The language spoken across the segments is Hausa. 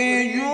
يخرج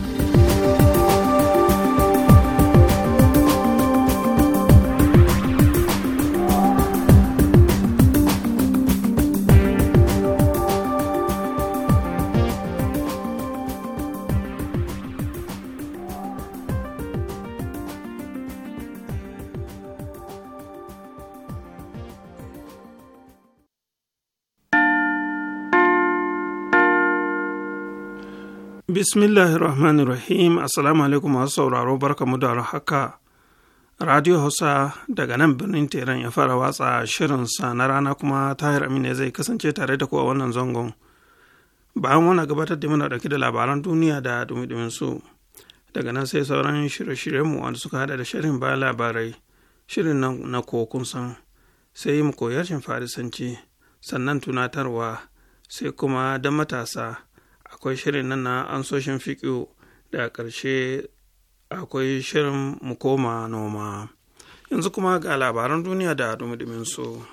Bismillahirrahmanirrahim. Assalamu alaikum masu sauraro barkamu da haka. Radio Hausa daga nan birnin Teran ya fara watsa shirinsa na rana kuma Tahir Amina zai kasance tare da kowa wannan zangon. Bayan wannan gabatar da muna dauke da labaran duniya da dumi su. Daga nan sai sauran shirye mu wanda suka hada da shirin ba labarai, shirin nan na kokun san, sai mu koyar shin farisanci, sannan tunatarwa, sai kuma da matasa. akwai shirin nan na ansoshin fiƙo da ƙarshe akwai shirin mu koma noma yanzu kuma ga labaran duniya da dumudumin su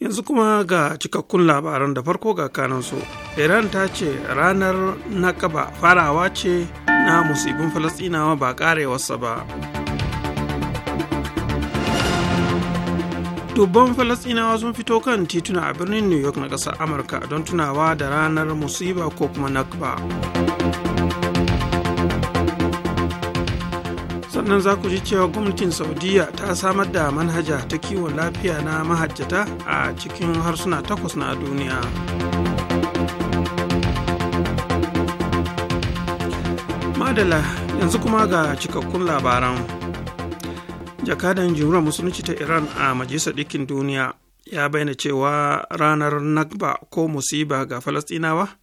yanzu kuma ga cikakkun labaran da farko ga kanansu iran ta ce ranar naƙaba farawa ce na musibin falasɗinawa ba karewarsa ba dubban falasɗinawa sun fito kan tituna a birnin new york na ƙasar amurka don tunawa da ranar musiba ko kuma nakba sannan za ku ji cewa gwamnatin saudiya ta samar da manhaja ta kiwon lafiya na mahajjata a cikin harsuna takwas na duniya. madala yanzu kuma ga cikakkun labaran jakadan jimhuriyar musulunci ta iran a majalisar ɗikin duniya ya bayyana cewa ranar nagba ko musiba ga falastinawa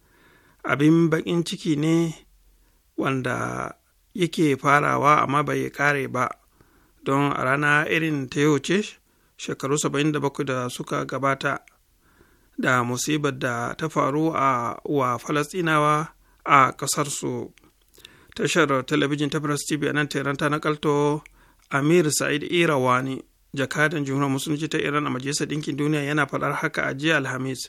abin bakin ciki ne wanda yake farawa amma bai kare ba don a rana irin ta yau ce shekaru 77 da suka gabata da musibar da ta faru a wa falastinawa a ƙasarsu. tashar talabijin ta press tv a nan tehran ta nakalto amir sa'id irawani jakadan jumhuriyar musulunci ta iran a majalisar ɗinkin duniya yana faɗar haka a jiya alhamis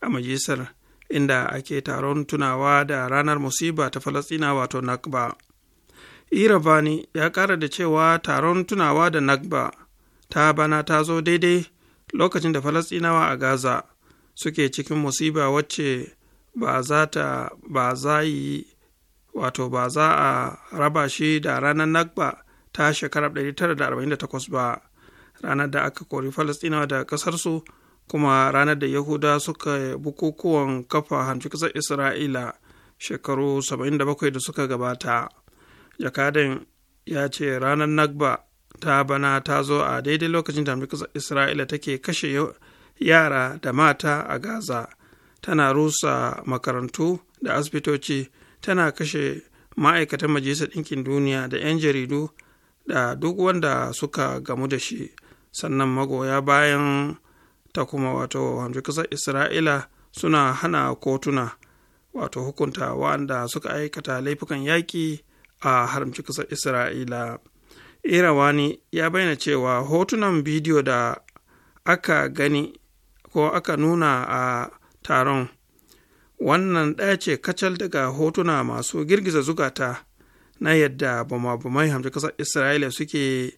a majalisar inda ake taron tunawa da ranar musiba ta falastina wato nakba iravani ya ƙara da cewa taron tunawa da nakba ta bana ta zo daidai lokacin da falastinawa a gaza suke cikin musiba wacce ba za ta ba za yi wato ba za a raba shi da ranar nagba ta shekarar 1948 ba ranar da aka kori falastinawa da ƙasarsu kuma ranar da yahuda suka bukukuwan kafa hamshi ƙasar isra'ila shekaru 77 da suka gabata jakadan ya ce ranar nagba ta bana ta zo a daidai lokacin da hamshi isra'ila take kashe yara da mata a gaza tana rusa makarantu da asibitoci tana kashe ma'aikatan majalisar ɗinkin duniya da 'yan jaridu da duk wanda suka gamu da shi sannan magoya bayan ta kuma wato hamshe kasar isra'ila suna hana kotuna wato hukunta wanda suka aikata laifukan yaƙi a haramci kasar isra'ila irawani ya bayyana cewa hotunan bidiyo da aka gani ko aka nuna a taron wannan ɗaya ce kacal daga hotuna masu girgiza zukata na yadda bama-bamai hamshe ƙasar isra'ila suke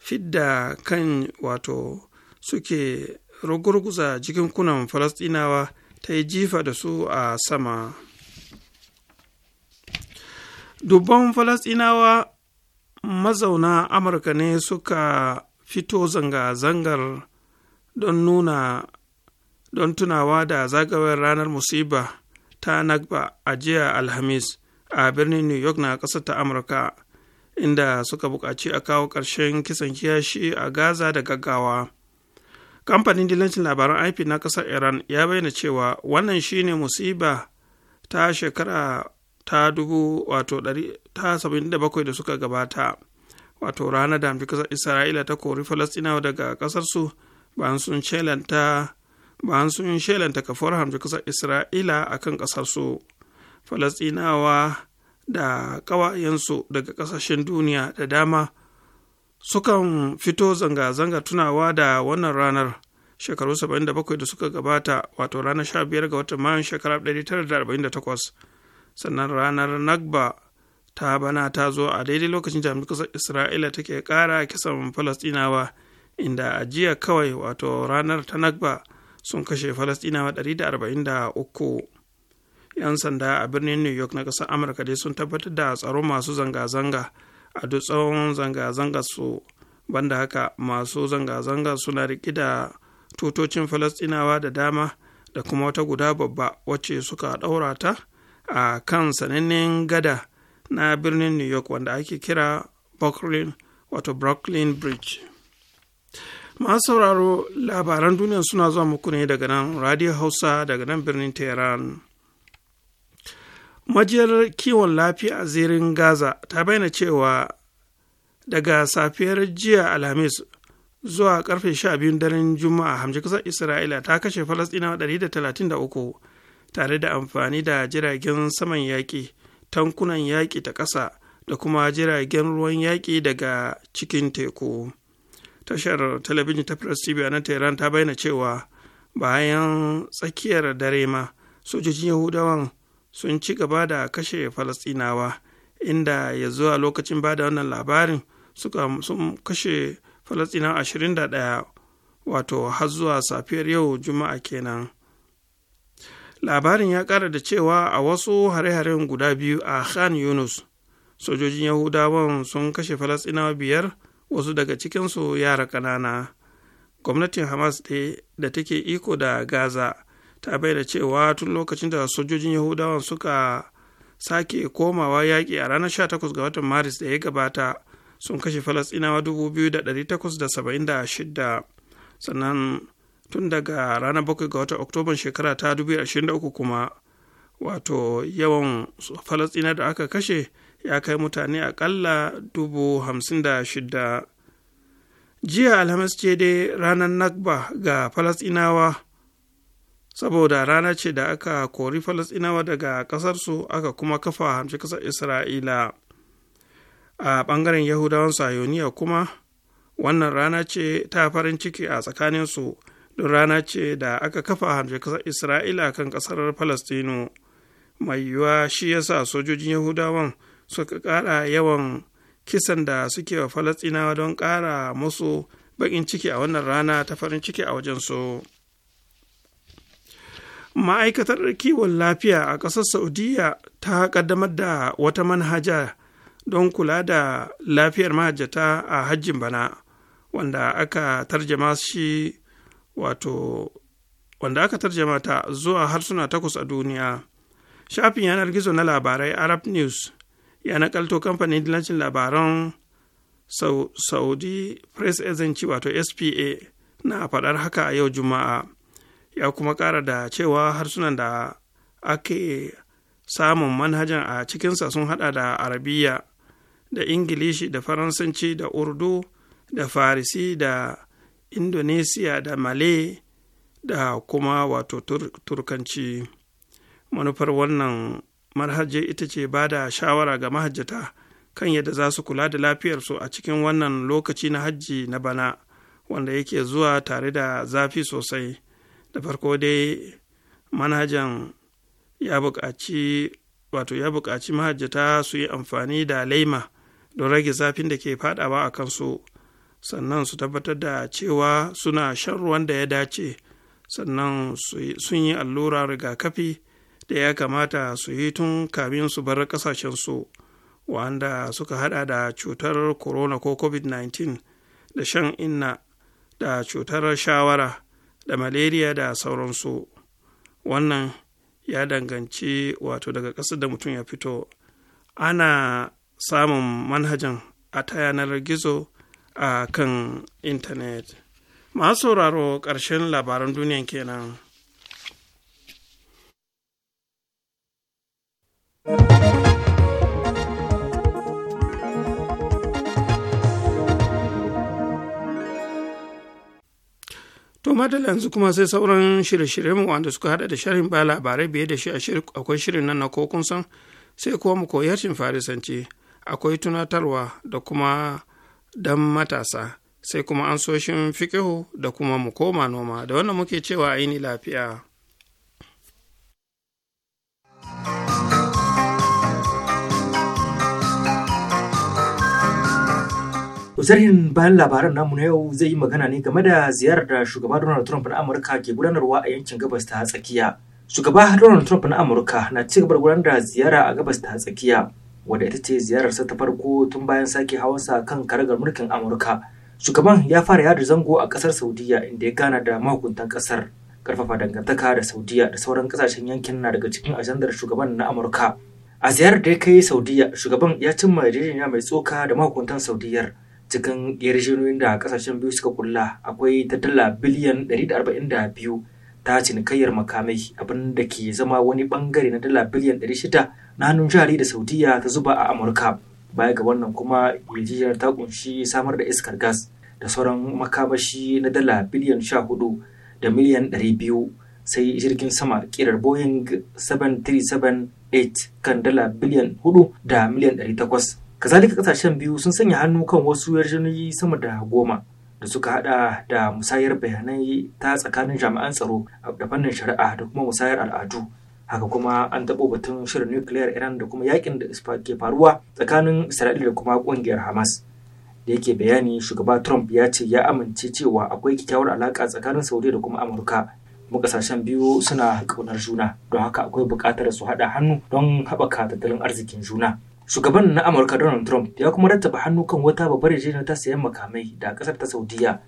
fidda kan wato suke rugurguza jikin kunan falastinawa ta yi jifa da su a sama dubban falastinawa mazauna amurka ne suka fito zanga-zangar don nuna don tunawa da zagayowar ranar musiba ta nagba a jiya alhamis a birnin new york na ƙasar ta amurka inda suka buƙaci a kawo ƙarshen kisan kiyashi a gaza da gaggawa kamfanin dilancin labaran ip na ƙasar iran ya bayyana cewa wannan shine musiba ta shekara ta dubu wato ta saba'in da bakwai da suka gabata wato ranar da amfi ƙasar isra'ila ta kori falastinawa daga ƙasarsu bayan sun celanta bayan sun shelanta kafar hamsin ƙasar isra'ila a kan ƙasarsu falasɗinawa da ƙawayensu daga ƙasashen duniya da dama sukan fito zanga-zanga tunawa da wannan ranar shekaru 77 da suka gabata wato ranar 15 ga watan mayun shekarar 1948 sannan ranar nagba ta bana ta zo a daidai lokacin jami'in ƙasar isra'ila take ƙara kisan falasinawa inda ajiya kawai wato ranar ta nagba sun kashe falastinawa 143 'yan sanda a birnin new york na ƙasar amurka dai sun tabbatar da tsaron masu zanga-zanga a duk tsawon zanga-zanga su banda haka masu zanga-zanga suna riƙe da tutocin falastinawa da dama da kuma wata guda babba wacce suka ɗaura ta a kan sanannen gada na birnin new york wanda ake kira brooklyn wato brooklyn bridge masu sauraro labaran duniya suna zuwa muku ne daga nan radio hausa daga nan birnin tehran majiyar kiwon lafiya a zirin gaza ta bayyana cewa daga safiyar jiya alhamis zuwa karfe 12 daren juma'a hamji kasar isra'ila ta kashe falasɗinawa 133 tare da amfani da jiragen saman yaƙi tankunan yaƙi ta ƙasa da kuma jiragen ruwan yaƙi daga cikin teku. tashar talabijin ta press tv a nan tehran ta bayyana cewa bayan tsakiyar dare ma sojojin yahudawan sun ci gaba da kashe falastinawa inda ya zuwa lokacin bada wannan labarin suka sun kashe falastinawa 21 wato har zuwa safiyar yau juma'a kenan labarin ya kara da cewa a wasu hare-haren guda biyu a khan yunus sojojin yahudawan sun kashe falastinawa biyar wasu daga cikinsu yara ƙanana gwamnatin hamas ɗaya da take iko da gaza ta bayyana cewa tun lokacin da sojojin yahudawan suka sake komawa yaƙi a ranar 18 ga watan maris da ya gabata sun kashe falasɗinawa 2,876 sannan tun daga ranar 7 ga watan oktoban shekara ta 2023 kuma wato yawan falasɗina da aka kashe ya kai mutane akalla dubu hamsin da shida jiya alhamis ce dai ranar nakba ga falasinawa saboda rana ce da aka kori falasinawa daga ƙasarsu aka kuma kafa hamshi ƙasar isra'ila a ɓangaren yahudawan sayoniya kuma wannan rana ce ta farin ciki a tsakaninsu don rana ce da aka kafa hamshi ƙasar isra'ila kan ƙasar Falastino. mai yiwuwa shi yasa sojojin yahudawan suka ƙara yawan kisan da suke wa falastinawa don ƙara musu baƙin ciki a wannan rana ta farin ciki a wajensu ma'aikatar kiwon lafiya a ƙasar saudiya ta ƙaddamar da wata manhaja don kula da lafiyar mahajjata a hajjin bana wanda aka tarjama shi wato wanda aka tarjama ta zuwa harsuna takwas a duniya shafin yanar gizo na labarai arab news ya nakalto kamfanin dillancin labaran saudi press agency wato spa na faɗar haka a yau juma'a ya kuma ƙara da cewa harsunan da ake samun manhajan a cikinsa sun hada da arabiya da ingilishi da faransanci da urdu da farisi da indonesiya da malay da kuma wato turkanci manufar wannan manhajar ita ce ba da shawara ga mahajjata kan yadda za su kula da lafiyarsu a cikin wannan lokaci na hajji na bana wanda yake zuwa tare da zafi sosai da farko dai manhajan ya buƙaci wato ya buƙaci mahajjata su yi amfani da laima don rage zafin da ke faɗawa a kansu sannan su tabbatar da cewa suna shan ruwan da ya dace sannan sun yi allura rigakafi da ya kamata su yi tun kamin su bar su wanda suka hada da cutar corona ko covid-19 da shan inna da cutar shawara da malaria da sauransu wannan ya danganci wato daga ƙasar da mutum ya fito ana samun manhajan a ta yanar gizo a kan intanet masu sauraro ƙarshen labaran duniyan kenan. To madalla yanzu kuma sai sauran shirye-shiryenmu wanda suka hada da shirin ba labarai biye da shi akwai shirin nan na kokun san sai kuma mu koyi harshen farisanci akwai tunatarwa da kuma dan matasa sai kuma an soshin fikihu da kuma mu koma noma da wannan muke cewa aini lafiya. Zarhin bayan labaran namu na yau zai yi magana ne game da ziyarar da shugaba Donald Trump na Amurka ke gudanarwa a yankin gabas ta tsakiya. Shugaba Donald Trump na Amurka na ci gaba da da ziyara a gabas ta tsakiya, wadda ita ce ziyararsa ta farko tun bayan sake hawansa kan karagar mulkin Amurka. Shugaban ya fara yada zango a kasar Saudiya inda ya gana da mahukuntan kasar. Karfafa dangantaka da Saudiya da sauran kasashen yankin na daga cikin ajandar shugaban na Amurka. A ziyarar da ya kai Saudiya, shugaban ya cimma yarjejeniya mai tsoka da mahukuntan Saudiyar. cikin yarjejeniyoyin da kasashen biyu suka kulla akwai ta dala biliyan 142 ta cinikayyar makamai abin da ke zama wani bangare na dala biliyan 600 na hannun jari da saudiya ta zuba a amurka baya ga wannan kuma yarjejeniyar ta kunshi samar da iskar gas da sauran makamashi na dala biliyan 14 da miliyan 200 sai jirgin sama kirar boeing 737 kan dala biliyan 4 da miliyan 800 kazalika kasashen biyu sun sanya hannu kan wasu yarjejeniyoyi sama da goma da suka hada da musayar bayanai ta tsakanin jami'an tsaro da fannin shari'a da kuma musayar al'adu haka kuma an taɓo batun shirin nukiliyar iran da kuma yakin da ke faruwa tsakanin isra'ila da kuma ƙungiyar hamas da yake bayani shugaba trump ya ce ya amince cewa akwai kyakkyawar alaka tsakanin Saudi da kuma amurka kuma ƙasashen biyu suna ƙaunar juna don haka akwai buƙatar su haɗa hannu don haɓaka tattalin arzikin juna Shugaban na Amurka Donald Trump ya kuma rattaba hannu kan wata babbar yarjejeniya ta sayan makamai da kasar ta Saudiya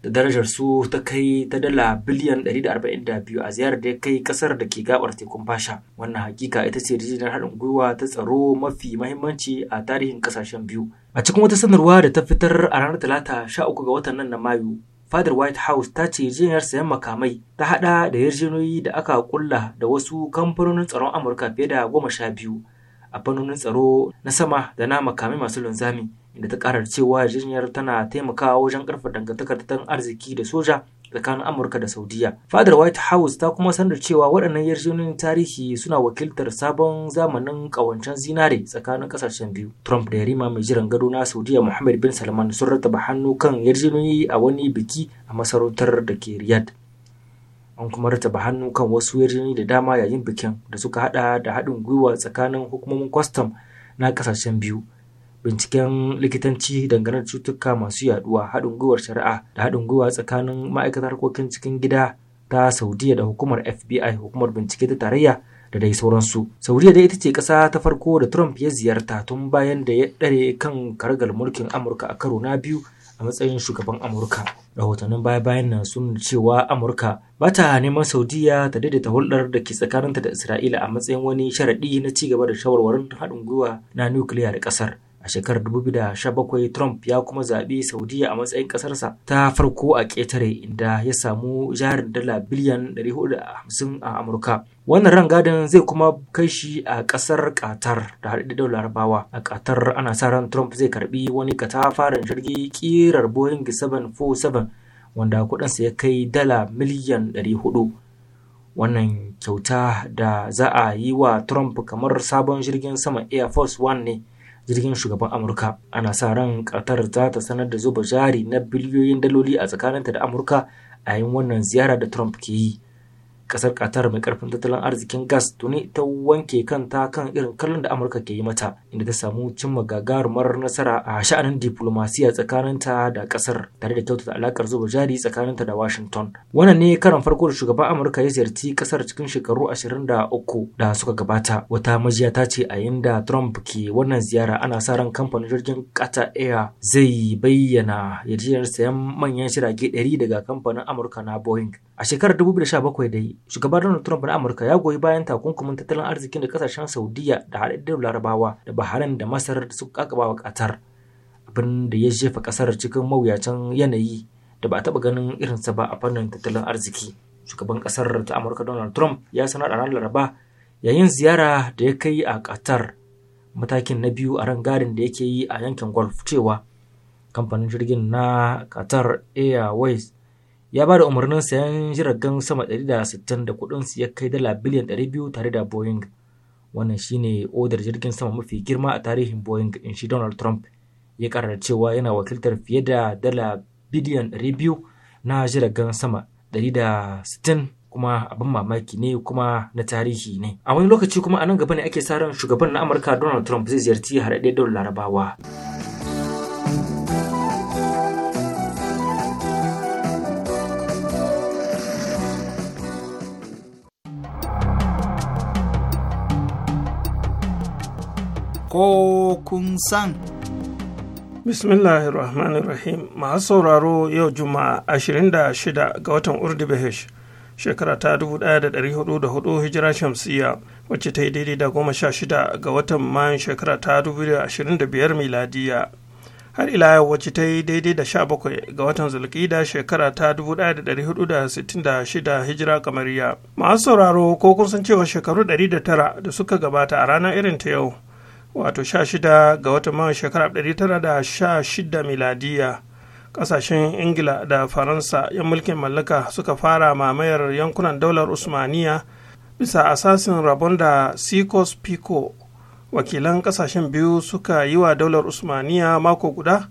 da darajar su ta kai ta dala biliyan 142 a ziyarar da ya kai kasar da ke gabar tekun fasha. Wannan hakika ita ce yarjejeniyar haɗin gwiwa ta tsaro mafi mahimmanci a tarihin kasashen biyu. A cikin wata sanarwa da ta fitar a ranar Talata 13 ga watan nan na Mayu, fadar white house ta ce yarjejeniyar sayan makamai ta haɗa da yarjejeniyoyi da aka kulla da wasu kamfanonin tsaron amurka fiye da goma sha biyu a fannonin tsaro na sama da na makamai masu linzami inda ta karar cewa yarjejeniyar tana taimakawa wajen karfa dangantakar tattalin arziki da soja tsakanin amurka da saudiya fadar white house ta kuma sanar cewa waɗannan yarjejeniyoyin tarihi suna wakiltar sabon zamanin ƙawancen zinare tsakanin ƙasashen biyu trump da yarima mai jiran gado na saudiya muhammad bin salman sun rattaba hannu kan yarjejeniyoyi a wani biki a masarautar da ke riyadh an kuma rataba hannu kan wasu yarjejeni da dama yayin bikin da suka hada da haɗin gwiwa tsakanin hukumomin kwastam na kasashen biyu binciken likitanci dangane da cututtuka masu yaduwa haɗin gwiwar shari'a da haɗin gwiwa tsakanin ma'aikatar harkokin cikin gida ta saudiya da hukumar fbi hukumar bincike ta tarayya da dai sauransu saudiya dai ita ce ƙasa ta farko da trump ya ziyarta tun bayan da ya ɗare kan karagar mulkin amurka a karo na biyu a matsayin shugaban amurka rahotannin baya-bayan nan sun cewa amurka ba ta neman saudiya ta daidaita hulɗar da ke tsakaninta da isra'ila a matsayin wani sharaɗi na cigaba da shawarwarin haɗin gwiwa na nukiliya da ƙasar a shekarar 2017 trump ya kuma zaɓi saudiya a matsayin ƙasarsa ta farko a ƙetare inda ya samu jarin dala biliyan 450 a amurka wannan rangadin zai kuma kai shi a ƙasar qatar da daular larabawa a qatar ana sa ran trump zai karbi wani katafaren jirgi ƙirar boeing 747 wanda kuɗinsa ya kai dala miliyan 400 wannan kyauta da za a yi wa Trump kamar sabon jirgin sama Air Force One ne jirgin shugaban amurka ana sa ran qatar za ta sanar da zuba jari na biliyoyin daloli a tsakaninta da amurka a yin wannan ziyara da trump ke yi kasar qatar mai karfin tattalin arzikin gas tuni ta wanke kanta kan irin kallon da amurka ke yi mata inda ta samu cimma gagarumar nasara a sha'anin diplomasiya tsakaninta da kasar tare da kyautata alakar zuba jari tsakaninta da washington wannan ne karan farko da shugaban amurka ya ziyarci kasar cikin shekaru ashirin da uku da suka gabata wata majiya ta ce a da trump ke wannan ziyara ana sa ran kamfanin jirgin qatar air zai bayyana yarjejeniyar sayan manyan shirage 100 daga kamfanin amurka na boeing A shekarar 2017 dai, shugaban Donald Trump na Amurka ya goyi bayan takunkumin tattalin arzikin da kasashen Saudiya da haɗaɗɗen Larabawa da Bahrain da Masar da suka kakaba wa Qatar, abin da ya jefa kasar cikin mawuyacin yanayi da ba a taɓa ganin irinsa ba a fannin tattalin arziki. Shugaban ƙasar ta Amurka Donald Trump ya sanar da ranar Laraba yayin ziyara da ya kai a Qatar matakin na biyu a rangadin da yake yi a yankin golf cewa kamfanin jirgin na Qatar Airways ya ba da umarnin sayan jiragen sama 160 da kuɗin su ya kai dala biliyan 200 tare da boeing wannan shine odar jirgin sama mafi girma a tarihin boeing in shi donald trump ya karar cewa yana wakiltar fiye da dala biliyan 200 na jiragen sama 160 kuma abin mamaki ne kuma na tarihi ne a wani lokaci kuma a nan gaba ne ake sa ran shugaban na amurka donald trump zai ziyarci don larabawa. ko kun san. Bismillahirrahmanirrahim masu sauraro yau Juma'a 26 ga watan Urdubahesh shekara ta 1404 hijira shamsiyya wacce ta yi daidai da goma sha shida ga watan mayan shekara ta 2025 miladiya har ila yau wacce ta yi daidai da 17 ga watan zulkida shekara ta 1466 hijira kamariya masu sauraro ko kun san cewa shekaru 109 da suka gabata a ranar irin ta yau wato sha shida ga watan man sha shida miladiya ƙasashen ingila da faransa yan mulkin mallaka suka fara mamayar yankunan daular usmaniya bisa asasin rabon da sikos pico wakilan ƙasashen biyu suka yi wa daular usmaniya mako guda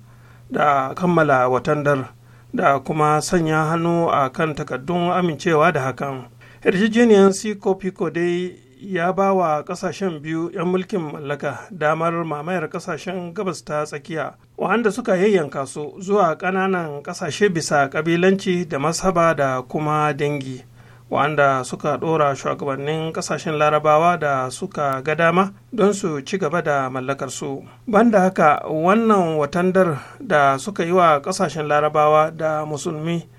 da kammala watandar da kuma sanya hannu a kan takaddun amincewa da hakan yarjejeniyar sikopiko dai ya ba wa kasashen biyu 'yan mulkin mallaka damar mamayar kasashen gabas ta tsakiya wanda suka yayyanka su zuwa ƙananan kasashe bisa ƙabilanci da masaba da kuma dangi wanda suka ɗora shugabannin kasashen larabawa da suka ga dama don su ci gaba da mallakarsu banda haka wannan watandar da suka yi wa kasashen larabawa da musulmi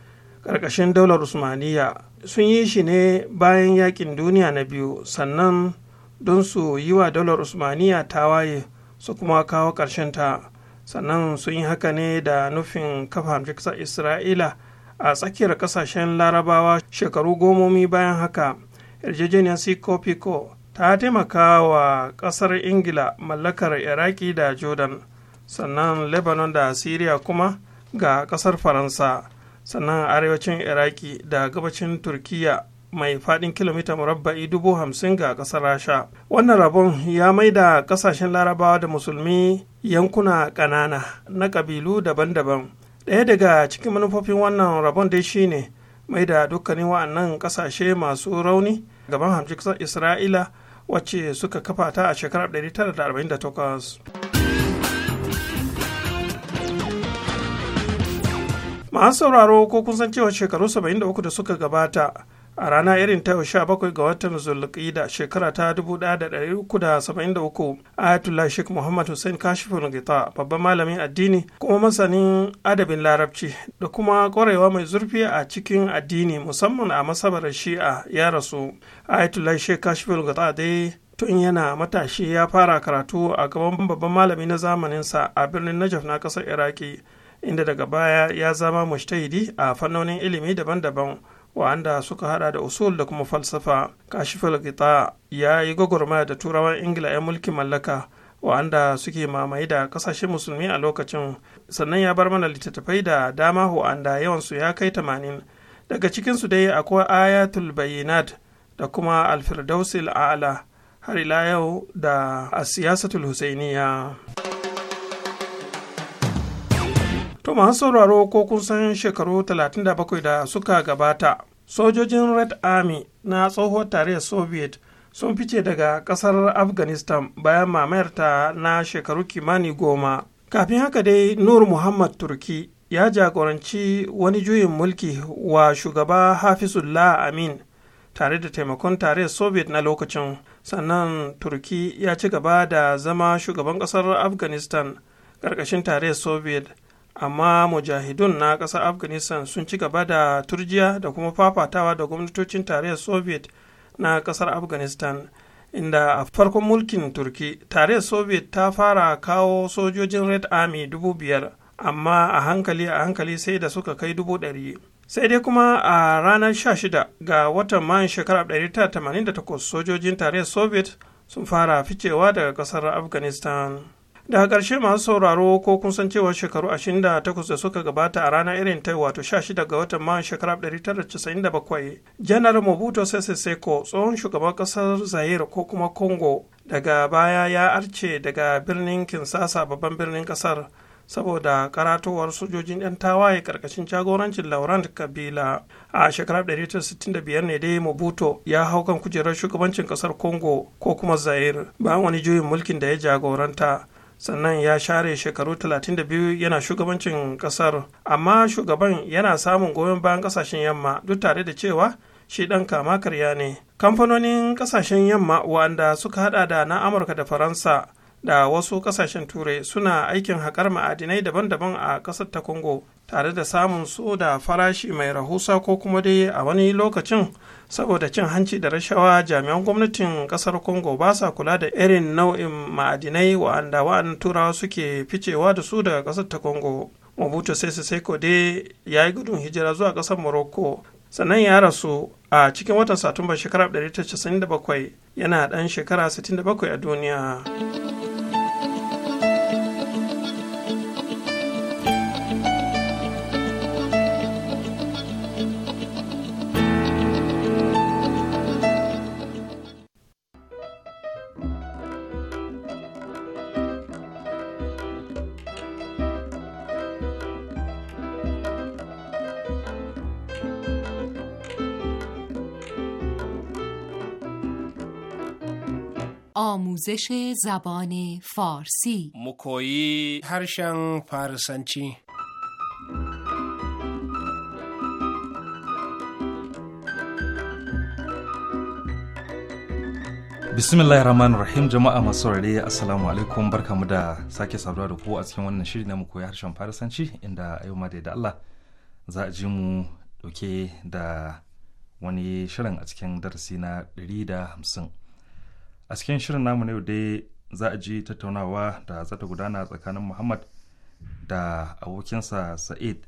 ƙarƙashin daular usmaniya sun yi shi ne bayan yakin duniya na biyu sannan don su yi wa dalar usmaniya waye su kuma kawo ta sannan sun yi haka ne da nufin kafa fiksa isra'ila a tsakiyar kasashen larabawa shekaru gomomi bayan haka yarjejeniyar sikopiko ta taimaka wa kasar ingila mallakar iraki da jordan sannan lebanon da syria kuma ga kasar faransa sannan a arewacin iraki da gabacin turkiya mai faɗin kilomita murabba'i dubu hamsin ga ƙasar rasha wannan rabon ya maida ƙasashen larabawa da musulmi yankuna ƙanana na kabilu daban-daban ɗaya daga cikin manufofin wannan rabon dai shine mai da dukkanin wa'annan ƙasashe masu rauni gaban hamsin isra'ila wacce suka kafa ta a shekarar 1948 masu sauraro ko kun san cewa shekaru 73 da suka gabata a rana irin ta yau 17 ga watan da shekara ta 1373 Ayatullah sheikh muhammad hussein kashiful gita babban malamin addini kuma masanin adabin larabci da kuma ƙwarewa mai zurfi a cikin addini musamman a masabar shi'a ya rasu Ayatullah sheikh kashiful gita dai tun yana matashi ya fara karatu a gaban babban malami na zamaninsa a birnin najaf na kasar iraki inda daga baya ya zama mushtahidi a fannonin ilimi daban-daban wa'anda suka hada da usul da kuma falsafa kashifal gita ya yi gwagwarmaya da turawan ingila 'yan mulkin mallaka wa'anda suke mamaye da kasashen musulmi a lokacin sannan ya bar mana littattafai da dama wa'anda yawansu ya kai tamanin daga cikinsu dai akwai ayatul bayinat da kuma alfirdausil a'ala har ila yau da a asiyasatul husainiya. To masu sauraro ko kun san shekaru 37 da suka gabata, sojojin Red Army na tsohuwar tarayyar Soviet sun fice daga kasar Afghanistan bayan ta na shekaru kimani goma. Kafin haka dai Nur Muhammad Turki ya jagoranci wani juyin mulki wa shugaba Hafizullah Amin tare da taimakon tarayyar Soviet na lokacin. Sannan Turki ya ci gaba da zama shugaban kasar Afghanistan ƙarƙashin tarayyar Soviet. amma mujahidun na ƙasar afghanistan sun ci gaba da turjiya da kuma fafatawa da gwamnatocin tarayyar soviet na ƙasar afghanistan inda a farkon mulkin turki tarayyar soviet ta fara kawo sojojin red army dubu biyar amma a hankali a hankali sai da suka kai dubu ɗari sai dai kuma a ranar 16 ga watan mayan shekarar 1988 sojojin tarayyar soviet sun fara ficewa daga ƙasar afghanistan daga ƙarshe masu sauraro ko kun san cewa shekaru 28 da suka gabata a ranar irin ta wato 16 ga watan mayu shekarar 1997 janar mobuto sese seko tsohon shugaban ƙasar zaire ko kuma congo daga baya ya arce daga birnin kinsasa babban birnin ƙasar saboda karatowar sojojin 'yan tawaye karkashin jagorancin laurent kabila a shekarar 1965 ne dai mobuto ya hau kan kujerar shugabancin kasar congo ko kuma zaire bayan wani juyin mulkin da ya jagoranta sannan ya share shekaru 32 yana shugabancin kasar amma shugaban yana samun goyon bayan kasashen yamma duk tare da cewa shi dan kama karya ne kamfanonin kasashen yamma wanda suka hada da na amurka da faransa da wasu kasashen turai suna aikin haƙar ma'adinai daban-daban a ƙasar ta kongo tare da samun su da farashi mai rahusa ko kuma dai a wani lokacin saboda cin hanci da rashawa jami'an gwamnatin kasar congo ba sa kula da irin nau'in ma'adinai wa'anda wa'an turawa suke ficewa da su daga kasar ta congo mobutu sese seko dai ya yi gudun hijira zuwa kasar morocco sannan ya rasu a cikin watan satumba shekarar 1997 yana dan shekara 67 a duniya آموزش زبان فارسی مکویی هرشن فارسنچی bismillahir rahmanir rahim jama'a masu saurare assalamu alaikum barkamu da sake saduwa da ku a cikin wannan shiri na koyi harshen farisanci inda yau ma da Allah za a ji mu dauke da wani shirin a cikin darasi na 150 a cikin shirin namu na yau dai za a ji tattaunawa da za ta gudana tsakanin muhammad da abokinsa sa'id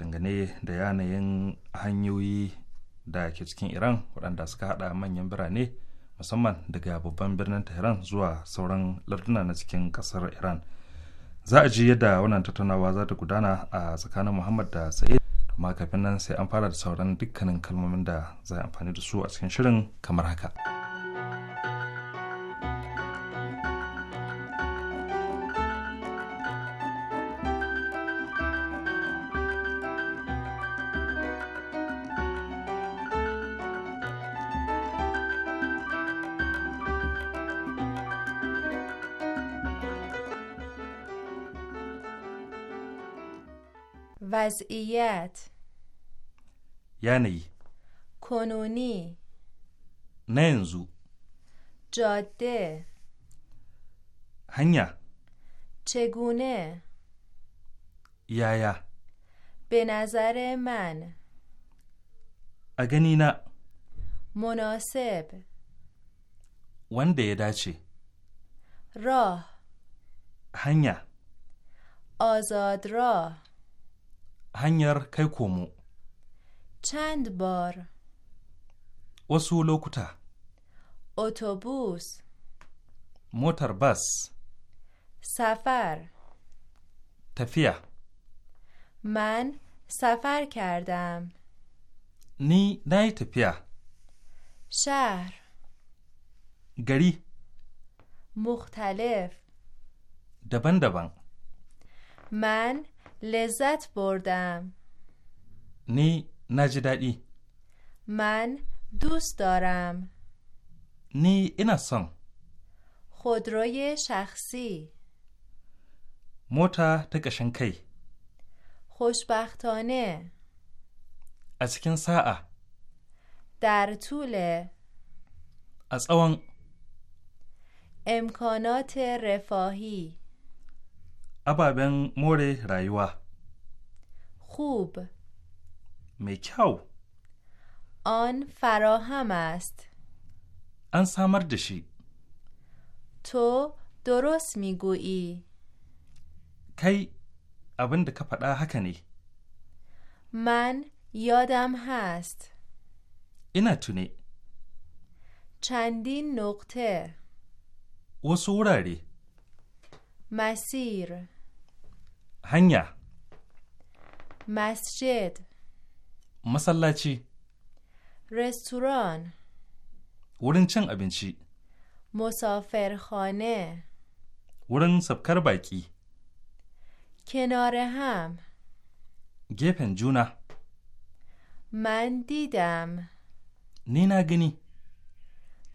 dangane da yanayin hanyoyi da ke cikin iran waɗanda suka hada manyan birane musamman daga babban birnin tehran zuwa sauran larduna na cikin ƙasar iran za a ji yadda wannan tattaunawa za ta gudana a tsakanin muhammad da sa'id amma kafin nan sai an fara da sauran dukkanin kalmomin da za a amfani da su a cikin shirin kamar haka. وضعیت یعنی کنونی ننزو جاده هنیا چگونه یایا به نظر من اگنی نه مناسب ونده دیده چی؟ راه هنیا آزاد راه hanyar kai komo. Chand bar. Wasu lokuta. Otobus. Motar bas. Safar. Tafiya. Man safar kardam. Ni na yi tafiya. Shahar. Gari. مختلف Daban-daban. Man. لذت بردم نی نجددی من دوست دارم نی اینسان خودروی شخصی موتا تکشنکی خوشبختانه از کن ساعه در طول از اون امکانات رفاهی ababen more rayuwa خوب میکاو آن فراهم است ان سامر دشی تو درست میگویی کی اون da ka faɗa من یادم هست اینا تونه چندین نقطه وسوراری مسیر هنی مسجد مسلاچی رستوران ورین چین ابینچی مسافرخانه وورین سبکر باکی کناره هم گپنجونه جونا من دیدم نینه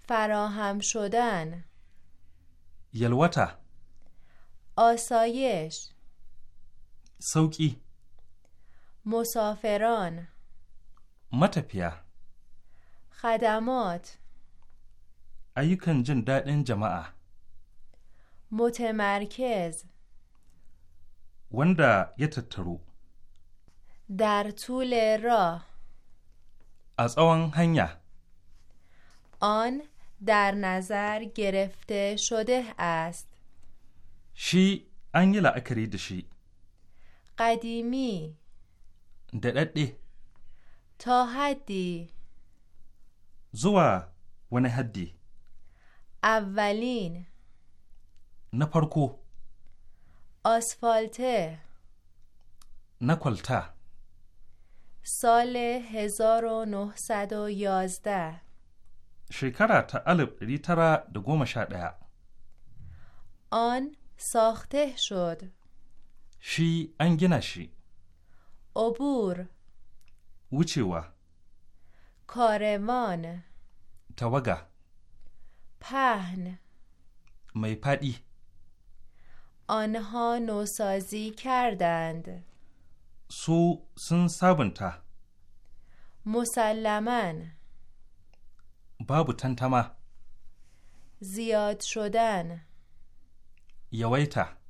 فراهم شدن یلوتا آسایش سوکی مسافران متفیا خدمات ایوکن جن دادن جماعه متمرکز وندا یتترو در طول راه از آن هنیا آن در نظر گرفته شده است شی انگلا اکرید شی قدیمی دردی تا حدی زوا نه حدی اولین نپرکو آسفالته نکلتا سال 1911 شکره تا الب ریتره دگوم شده آن ساخته شد شی an نشی عبور عبور وچوا کارمان توگا پهن میپدی آنها نوسازی کردند سو سن سابنتا مسلما بابو تنتما زیاد شدن یویتا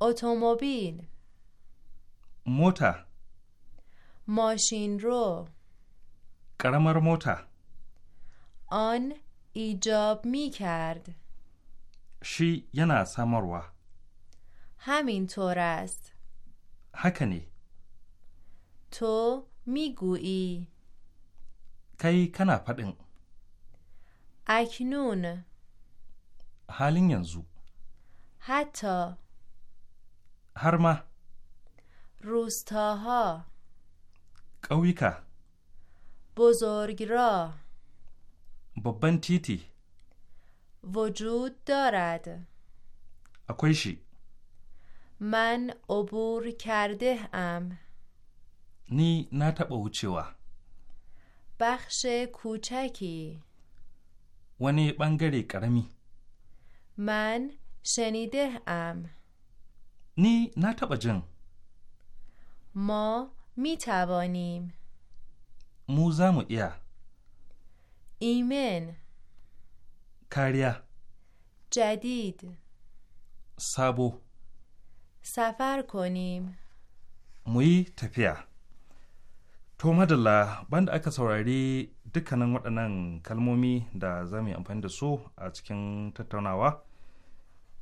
اتومبیل موتا ماشین رو کرمر موتا آن ایجاب می کرد شی ینا سامروا همین طور است هکنی تو میگویی کی کنا پدین اکنون حالین ینزو حتی har ma روستاها ƙauyuka بزرگراه babban titi وجود دارد akwai shi من عبور کرده ام ni na taɓa wucewa بخش کوچکی wani ɓangare ƙarami من شنیده ام ni na taɓa jin. ما می توانیم mu za mu iya. jadid. sabo. safar ko سفر mu yi tafiya. To madalla banda aka saurari dukkanin waɗannan kalmomi da za mu yi amfani da su a cikin tattaunawa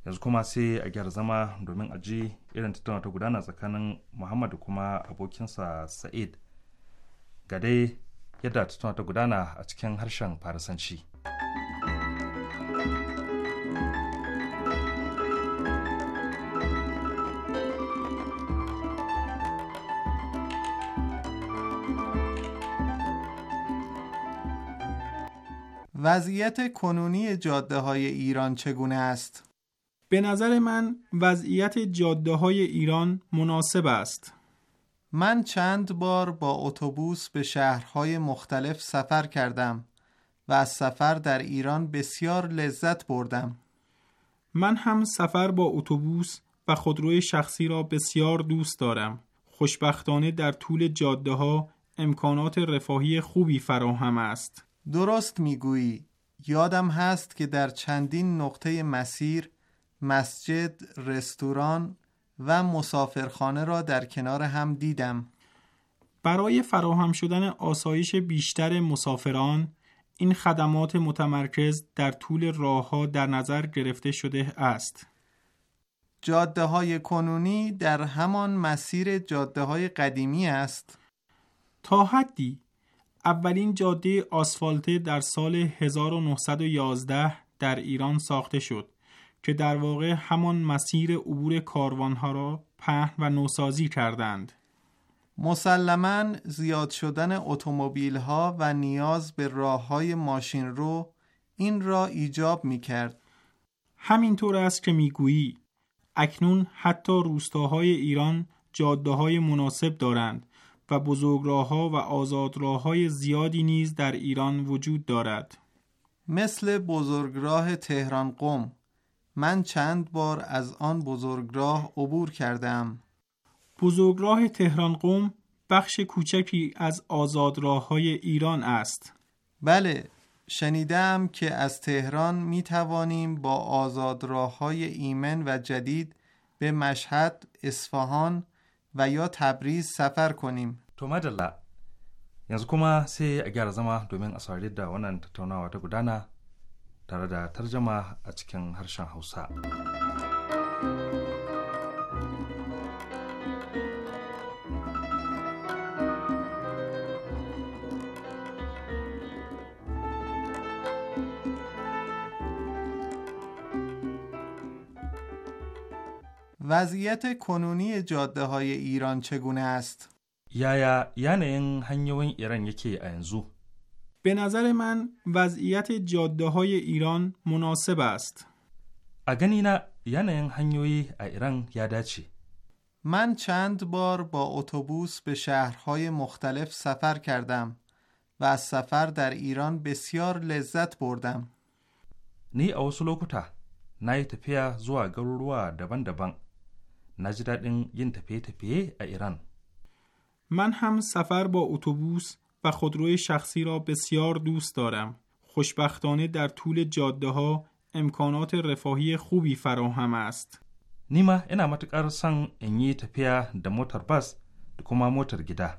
yanzu kuma sai a gyara zama domin a ji irin tattauna ta gudana tsakanin muhammad kuma abokinsa sa'id ga dai yadda tattauna ta gudana a cikin harshen farisanci وضعیت کنونی جاده های ایران چگونه است؟ به نظر من وضعیت جاده های ایران مناسب است. من چند بار با اتوبوس به شهرهای مختلف سفر کردم و از سفر در ایران بسیار لذت بردم. من هم سفر با اتوبوس و خودروی شخصی را بسیار دوست دارم. خوشبختانه در طول جاده ها امکانات رفاهی خوبی فراهم است. درست میگویی. یادم هست که در چندین نقطه مسیر مسجد، رستوران و مسافرخانه را در کنار هم دیدم. برای فراهم شدن آسایش بیشتر مسافران، این خدمات متمرکز در طول راه ها در نظر گرفته شده است. جاده های کنونی در همان مسیر جاده های قدیمی است. تا حدی اولین جاده آسفالته در سال 1911 در ایران ساخته شد که در واقع همان مسیر عبور کاروانها را پهن و نوسازی کردند. مسلما زیاد شدن اتومبیل ها و نیاز به راه های ماشین رو این را ایجاب می کرد. همینطور است که می گویی، اکنون حتی روستاهای ایران جاده های مناسب دارند و راه ها و راه های زیادی نیز در ایران وجود دارد. مثل بزرگراه تهران قم من چند بار از آن بزرگراه عبور کردم بزرگراه تهران قوم بخش کوچکی از راه های ایران است بله شنیدم که از تهران می توانیم با آزادراه های ایمن و جدید به مشهد، اصفهان و یا تبریز سفر کنیم. تو مدلا. یعنی کما سی اگر زمان دومین اصاری دوانند saurari و tare da tarjama a cikin harshen hausa وضعیت کنونی جاده های ایران چگونه است؟ یا یعنی این ایران یکی انزو به نظر من وضعیت جاده های ایران مناسب است. اگنینا یعنی هنیوی ایران یادچی. من چند بار با اتوبوس به شهرهای مختلف سفر کردم و از سفر در ایران بسیار لذت بردم. نی اوسلو کتا نای تپیا زوا گروروا دبن دبن نجدد این تپی تپی ایران. من هم سفر با اتوبوس و خودروی شخصی را بسیار دوست دارم. خوشبختانه در طول جاده ها امکانات رفاهی خوبی فراهم است. نیما اینا متقر سن اینی تپیا tafiya موتر بس bas کما موتر گدا.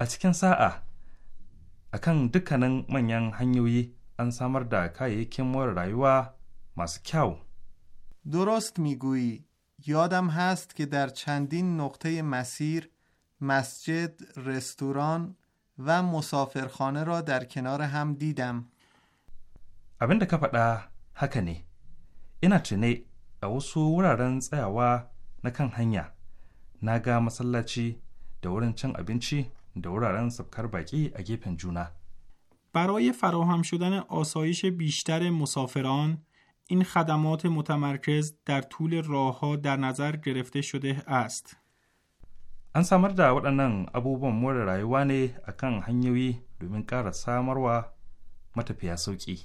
از کن سا sa'a, a kan dukkanin manyan hanyoyi an samar da kayayyakin مور ماس درست میگویی یادم هست که در چندین نقطه مسیر مسجد، رستوران و مسافرخانه را در کنار هم دیدم. abin da ka faɗa haka ne ina tune a wasu wuraren tsayawa na kan hanya na ga masallaci da wurin cin abinci da wuraren sabkar baƙi a gefen برای فراهم شدن آسایش بیشتر مسافران این خدمات متمرکز در طول راهها در نظر گرفته شده است an samar da waɗannan abubuwan more rayuwa ne akan hanyoyi domin ƙara samarwa matafiya sauƙi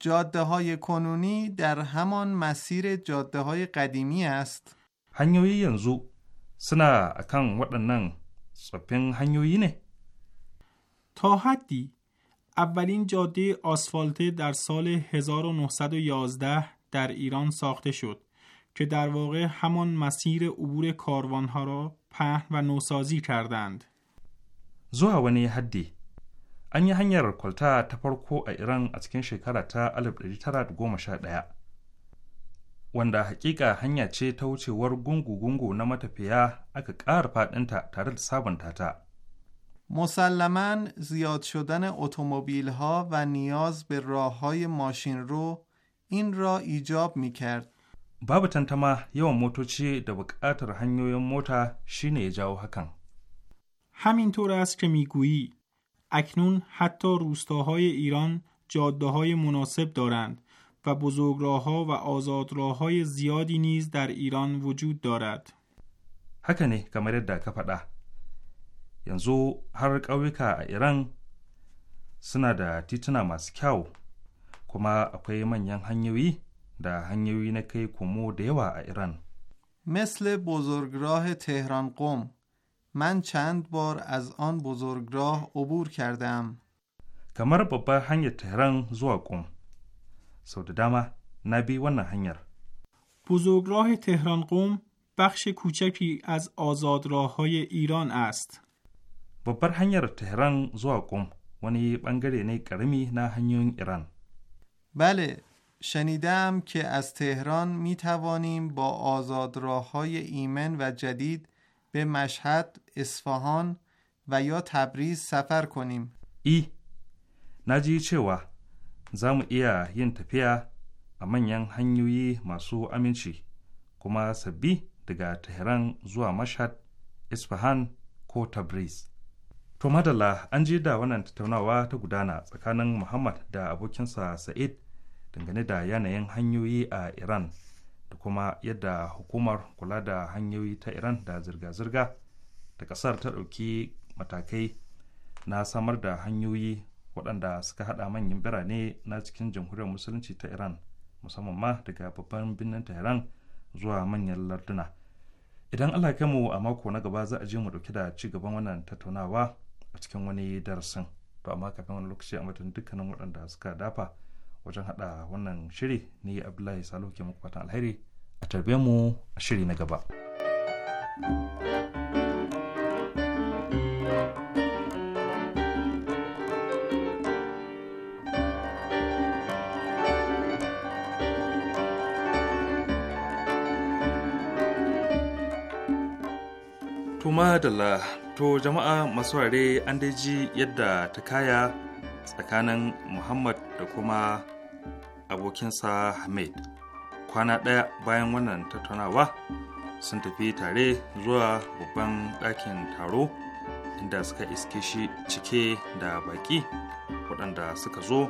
جاده های کنونی در همان مسیر جاده های قدیمی است. هنیوی ینزو سنا اکان ودنن سپین هنیوی نه. تا حدی اولین جاده آسفالته در سال 1911 در ایران ساخته شد که در واقع همان مسیر عبور کاروانها را پهن و نوسازی کردند. زوها ونی حدی an yi hanyar kwalta ta farko a Iran a cikin shekara ta 1911 wanda hakika hanya ce ta wucewar gungu-gungu na matafiya aka ƙara faɗinta tare da sabunta ta. مسلما زیاد شدن اتومبیل ها و be به راه های in رو این را babu tantama yawan motoci da buƙatar hanyoyin mota ne ya jawo hakan. همینطور است که میگویی اکنون حتی روستاهای ایران جاده های مناسب دارند و بزرگراهها و آزادراههای زیادی نیز در ایران وجود دارد. haka ne kamar yadda ka faɗa yanzu har ƙauyuka a iran suna da tituna masu kyau kuma akwai manyan hanyoyi da hanyoyi na kai komo da yawa a Iran. مثل بزرگراه تهران قم من چند بار از آن بزرگراه عبور کردم کمر بابا هنگ تهران زوا قم سود داما نبی و نه هنگر بزرگراه تهران قم بخش کوچکی از آزاد راه های ایران است بابا هنگر تهران زوا قم ونی بنگره نی کرمی نه هنگ ایران بله شنیدم که از تهران می توانیم با راه های ایمن و جدید به مشهد، اصفهان و یا تبریز سفر کنیم. ای نجی و؟ زم ایا ین تپیا امن ین هنیوی ماسو امینچی کما سبی دگا تهران زوا مشهد، اصفهان کو تبریز. تو madalla an je da wannan tattaunawa محمد دا tsakanin Muhammad da abokinsa dangane da yanayin hanyoyi a iran da kuma yadda hukumar kula da hanyoyi ta iran da zirga-zirga da kasar ta ɗauki matakai na samar da hanyoyi waɗanda suka haɗa manyan birane na cikin jamhuriyar musulunci ta iran musamman ma daga babban birnin tehran zuwa manyan larduna idan allah kai mu a mako na gaba za a je mu ɗauki da ci gaban wannan tattaunawa a cikin wani darasin to amma kafin wani lokaci a matan dukkanin waɗanda suka dafa wajen hada wannan shiri ni abdullahi salo ke muku fatan alheri a tarbe mu a shiri na gaba Tuma da la to jama'a masu ware an daji yadda ta kaya tsakanin Muhammad da kuma abokinsa Hamid. Kwana ɗaya bayan wannan tattaunawa sun tafi tare zuwa babban ɗakin taro inda suka iske shi cike da baƙi waɗanda suka zo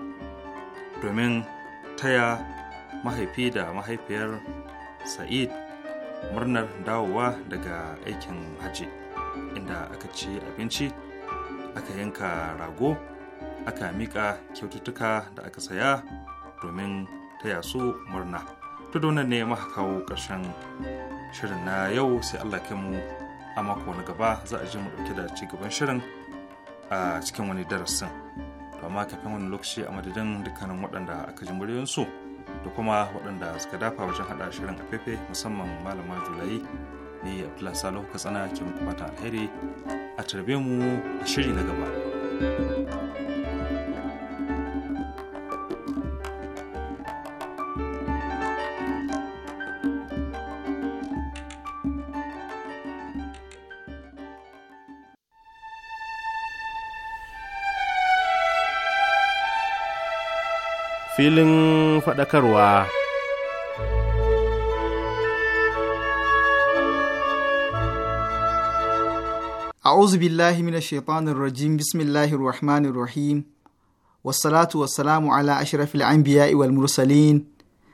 domin taya mahaifi da mahaifiyar Sa'id murnar dawowa daga aikin hajji inda aka ci abinci aka yanka rago aka miƙa kyaututtuka da aka saya domin taya su murna na ne maka kawo ƙarshen shirin na yau sai allah mu a mako na gaba za a ji mu ɗauke da ci gaban shirin a cikin wani darasin to amma kafin wani lokaci a madadin dukkanin waɗanda aka ji muryoyinsu da kuma waɗanda suka dafa wajen haɗa shirin a fefe musamman malama julai ne abdullahi salihu tsana ke muku fatan alheri a tarbe mu a shiri na gaba filin faɗakarwa. A'udhu billahi minash shaitanir rajim bismillahir rahmanir rahim wassalatu wassalamu ala ashrafil anbiya'i wal mursalin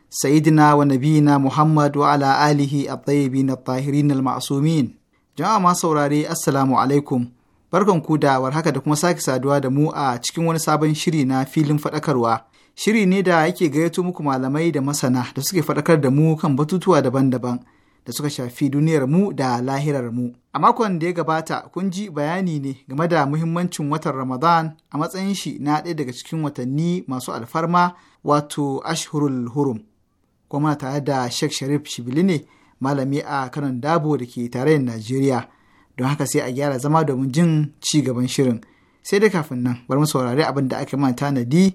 sayyidina wa nabiyina Muhammad wa ala alihi at-tayyibin at-tahirin al-ma'sumin jama'a ma saurare assalamu alaikum barkan ku da warhaka da kuma sake saduwa da mu a cikin wani sabon shiri na filin faɗakarwa Shiri ne da yake gayyato muku malamai da masana da suke faɗakar da mu kan batutuwa daban-daban da suka shafi duniyar mu da lahirar mu. A makon da ya gabata kun ji bayani ne game da muhimmancin watan Ramadan a matsayin shi na ɗaya daga cikin watanni masu alfarma wato Ashhurul Hurum. Kuma tare da Sheikh Sharif Shibili ne malami a kanon dabo da ke tarayyar Najeriya. Don haka sai a gyara zama domin jin ci gaban shirin. Sai dai kafin nan bari mu saurari abin da aka mana tanadi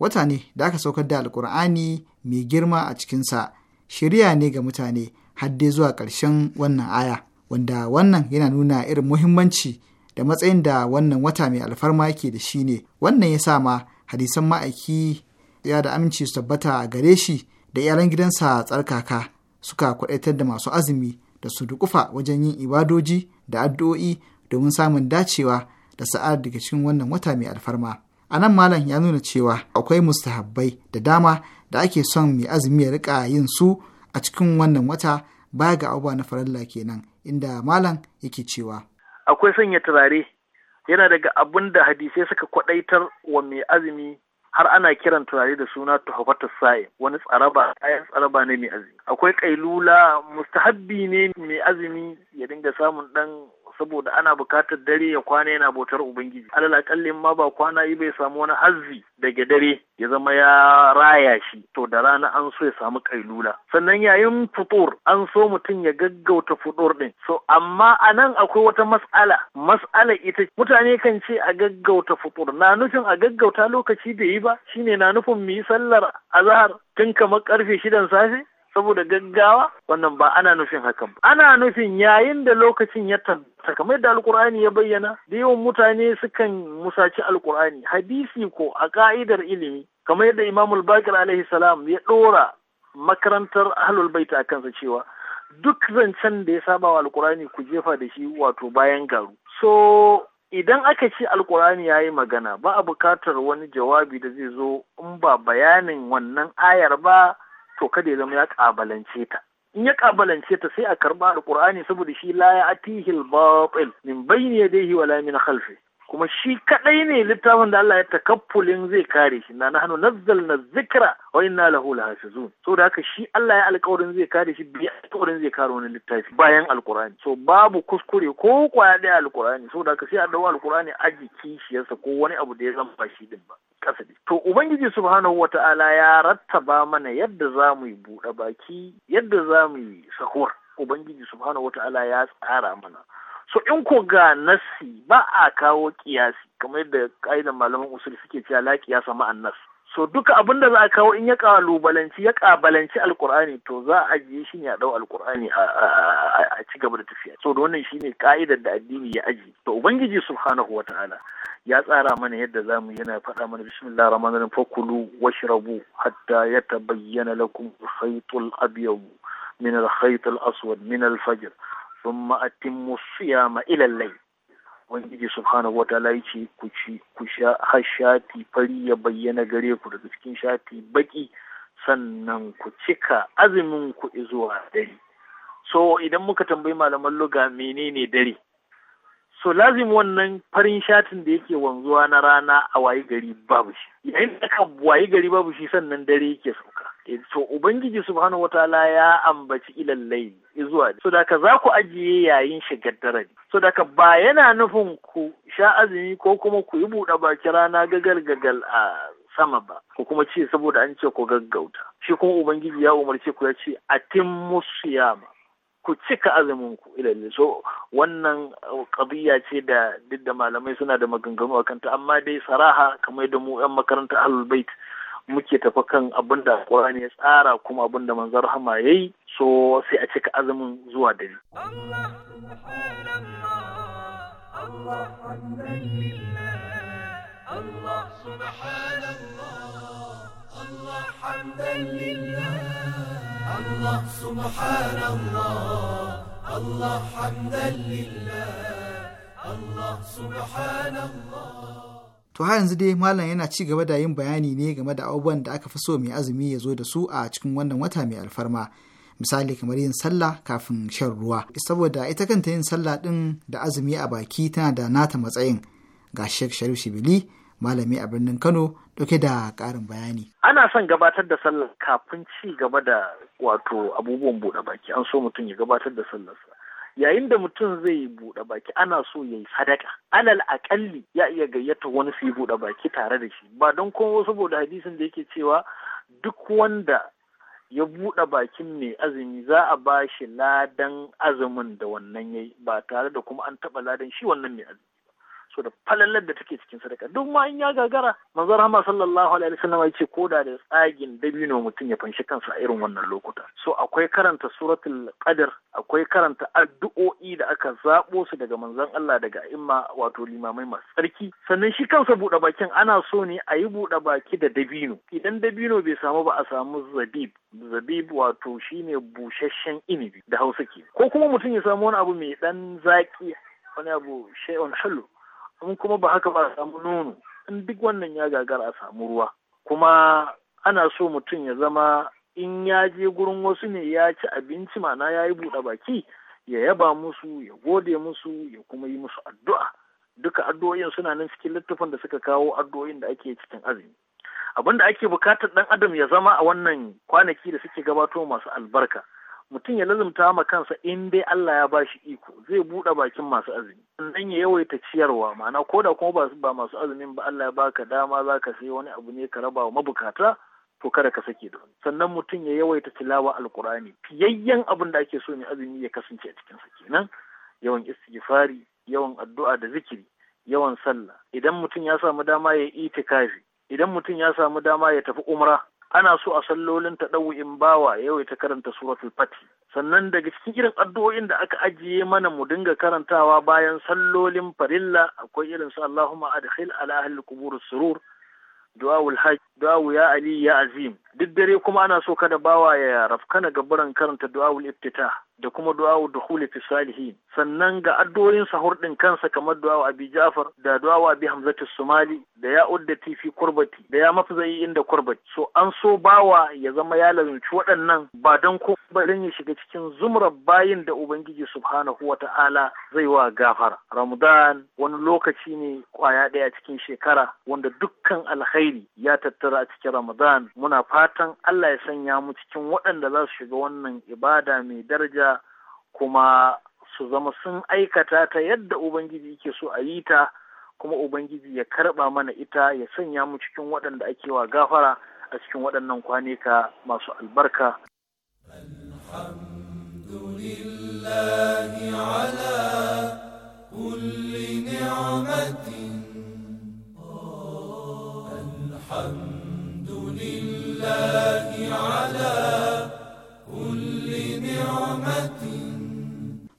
wata ne da aka saukar da alkur'ani mai girma a cikinsa shirya ne ga mutane hadde zuwa ƙarshen wannan aya wanda wannan yana nuna irin muhimmanci da matsayin da wannan wata mai alfarma ke da shi ne wannan ya sa ma hadisan ma'aiki ya da aminci su tabbata a gare shi da iyalan gidansa tsarkaka suka kwaɗaitar da masu azumi da su dukufa wajen yin ibadoji da addu'o'i domin samun dacewa da sa'ar daga cikin wannan wata mai alfarma. a nan malam ya nuna cewa akwai mustahabbai da dama da ake son mai azumi ya rika yin su a cikin wannan wata baya ga abubuwa na faralla kenan inda malam yake cewa akwai sanya turare yana daga abin da hadisai suka kwadaitar wa mai azumi har ana kiran turare da suna tuhafatar sa'i wani tsaraba ayan tsaraba ne mai azumi akwai kailula mustahabbi ne mai azumi ya dinga samun dan saboda ana bukatar dare ya kwana yana bautar ubangiji alal akallin ma ba kwana yi bai samu wani azzi daga dare ya zama ya raya shi to da rana an so ya samu kailula sannan yayin futur an so mutum ya gaggauta futur din so amma a nan akwai wata mas'ala mas'ala ita mutane kan ce a gaggauta futur na nufin a gaggauta lokaci bai yi ba shine na nufin mu yi sallar azahar tun kamar karfe shidan safe saboda gaggawa wannan ba ana nufin hakan ba ana nufin yayin da lokacin ya tabbata kamar da alkur'ani ya bayyana da yawan mutane sukan musaci alkur'ani hadisi ko a ka'idar ilimi kamar yadda imamul bakir alaihi salam ya ɗora makarantar ahlul baita a kansa cewa duk zancen da ya saba wa alkurani ku jefa da shi wato bayan garu so idan aka ce alkurani ya yi magana ba a bukatar wani jawabi da zai zo in ba bayanin wannan ayar ba to kada ya zama ya kabalance ta in ya kabalance ta sai a karba alqur'ani saboda shi la ya'tihi al-batil min bayni yadayhi wala min khalfi kuma shi kadai ne littafin da Allah ya takaffulin zai kare shi na nahnu nazzalna zikra wa inna lahu lahafizun so da haka shi Allah ya alƙawarin zai kare shi bi alƙawarin zai kare wani littafi bayan alƙur'ani so babu kuskure ko kwaya da alƙur'ani so da haka sai a dawo alƙur'ani a jiki shi yasa ko wani abu da ya zama ba shi din ba kasabi to ubangiji subhanahu wata'ala ya rattaba mana yadda za mu yi buɗe baki yadda za mu yi sahur ubangiji subhanahu wata'ala ya tsara mana so in ko ga nasi ba a kawo kiyasi kamar yadda ka'idar malaman usul suke cewa la kiyasa ma annas so duka abin da za a kawo in ya kalubalanci ya kabalanci alkur'ani to za a ajiye shi ne a dau alkur'ani a ci gaba da tafiya so da wannan shine ka'idar da addini ya aji to ubangiji subhanahu wataala ya tsara mana yadda za mu yana faɗa mana bismillah rahmanir rahim fakulu washrabu hatta yatabayyana lakum khaytul abyad min al khayt al aswad min al fajr sun ma'atin ma ilallai ubangiji subhanahu wataala ya ku ci ku sha har shati fari ya bayyana gare ku daga cikin shati baki sannan ku cika azumin ku zuwa dare so idan muka tambayi malaman luga menene dare so lazim wannan farin shatin da yake wanzuwa na rana a wayi gari babu shi yayin da aka wayi gari babu shi sannan dare yake sauka eh, to ubangiji subhanahu wataala ya ambaci ilal layli zuwa so da ka za ku ajiye yayin shigar dare so da ka ba yana nufin ku sha azumi ko kuma ku yi buɗe baki rana gagal gagal a sama ba ko kuma ce saboda an ce ku gaggauta shi kuma ubangiji ya umarce ku ya ce atim yama. ku cika azumin ku ilalli so wannan kabiya uh, ce da duk da malamai suna da maganganu a kanta amma dai saraha kamar da mu yan makaranta albait muke tafa kan abin da Qur'ani ya tsara kuma abin da manzon rahama yayi so sai a cika azumin zuwa dare Allah subhanallah Allah hamdan lillah الله سبحان الله الله حمدا لله الله To har yanzu dai Malam yana ci gaba da yin bayani ne game da abubuwan da aka fi so mai azumi ya zo da su a cikin wannan wata mai alfarma. Misali kamar yin sallah kafin shan ruwa. Saboda ita kanta yin sallah ɗin da azumi a baki tana da nata matsayin. Ga Sheikh Sharif Shibili malami a birnin Kano dauke da ƙarin bayani. Ana son gabatar da sallar kafin ci gaba da wato abubuwan buɗe baki an so mutum ya gabatar da sallarsa. Yayin da mutum zai buɗe baki ana so ya yi sadaka. Alal aƙalli ya iya gayyata wani su yi buɗe baki tare da shi ba don kowa saboda hadisin da yake cewa duk wanda ya buɗe bakin mai azumi za a ba shi ladan azumin da wannan yayi ba tare da kuma an taɓa ladan shi wannan mai azumi. so da falalar da take cikin sadaka duk ma in ya gagara manzon rahama sallallahu alaihi wasallam ya ce ko da da tsagin dabino mutum ya fanshi kansa a irin wannan lokuta so akwai karanta suratul qadr akwai karanta addu'o'i da aka zabo su daga manzon Allah daga imma wato limamai masu tsarki sannan shi kansa buɗe bakin ana so ne a yi buɗe baki da dabino idan dabino bai samu ba a samu zabib zabib wato shine busasshen inibi da Hausa ke ko kuma mutum ya samu wani abu mai dan zaki wani abu shay'un halu in kuma ba haka ba a samu nono in duk wannan ya gagara a samu ruwa kuma ana so mutum ya zama in ya je gurin wasu ne ya ci abinci mana ya yi buɗe baki ya yaba musu ya gode musu ya kuma yi musu addu'a duka addu'o'in suna nan cikin littafin da suka kawo addu'o'in da ake cikin azumi abin da ake bukatar ɗan adam ya zama a wannan kwanaki da suke gabato masu albarka mutum ya lazumta ma kansa in dai Allah ya ba shi iko zai buɗe bakin masu azumi sannan ya yawaita ciyarwa ma'ana ko da kuma ba masu azumin ba Allah ya baka dama za ka sai wani abu ne ka raba wa mabukata to kada ka sake da sannan mutum ya yawaita tilawa alkurani fiyayyen abin da ake so ne azumi ya kasance a cikin sa kenan yawan istighfari yawan addu'a da zikiri yawan sallah idan mutum ya samu dama ya itikafi idan mutum ya samu dama ya tafi umra ana so a sallolin ta in bawa yawaita karanta suratul fati sannan daga cikin irin addu'o'in da aka ajiye mana mu dinga karantawa bayan sallolin farilla akwai irin su Allahumma adkhil ala ahli qubur surur du'a ya ali ya azim duk dare kuma ana so kada bawa ya rafkana buran karanta du'awul iftita da kuma du'awul dukhuli fi salihin sannan ga addoyin sahur din kansa kamar du'awu abi ja'far da du'awu abi hamzatu sumali da ya uddati fi qurbati da ya mafzai inda qurbati so an so bawa ya zama ya lazumci waɗannan ba dan ko ba ya shiga cikin zumrar bayin da ubangiji subhanahu wata'ala zai wa gafara ramadan wani lokaci ne kwaya ɗaya cikin shekara wanda dukkan alkhairi ya tattara a cikin ramadan muna fara fatan Allah ya sanya mu cikin waɗanda za su shiga wannan ibada mai daraja kuma su zama sun aikata ta yadda Ubangiji yake so a yi ta kuma Ubangiji ya karɓa mana ita ya sanya mu cikin waɗanda ake wa gafara a cikin waɗannan kwanika masu albarka. الحمد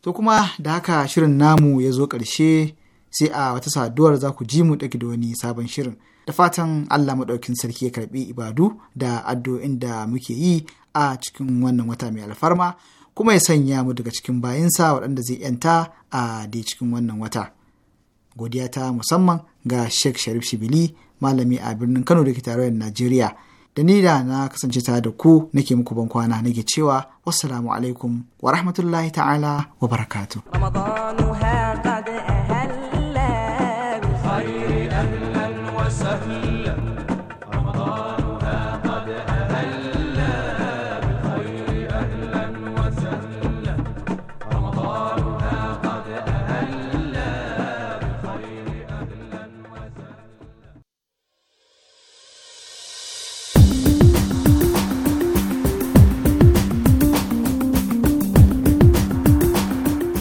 To kuma da haka shirin namu ya zo ƙarshe sai a wata saduwar za ku ji mu ɗauki da wani sabon shirin. Da fatan Allah maɗaukin sarki ya karɓi ibadu da addu'o'in da muke yi a cikin wannan wata mai alfarma kuma ya sanya mu daga cikin bayinsa waɗanda zai ‘yanta a dai cikin wannan wata. Godiya ta musamman ga Sheikh Sharif Shibili malami a birnin Kano da ke tarayyar Najeriya. da ni da na kasance tare da ku nake muku ban kwana nake cewa wassalamu alaikum wa rahmatullahi ta'ala wa barakatu. أهلا وسهلا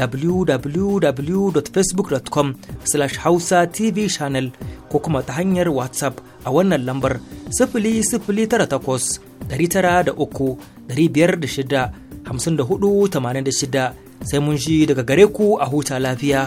www.facebook.com slash hausa tv channel ko kuma ta hanyar whatsapp a wannan lambar sifili sifili da takwas ɗari tara da ɗari biyar da shida sai mun shi daga gare ku a huta lafiya.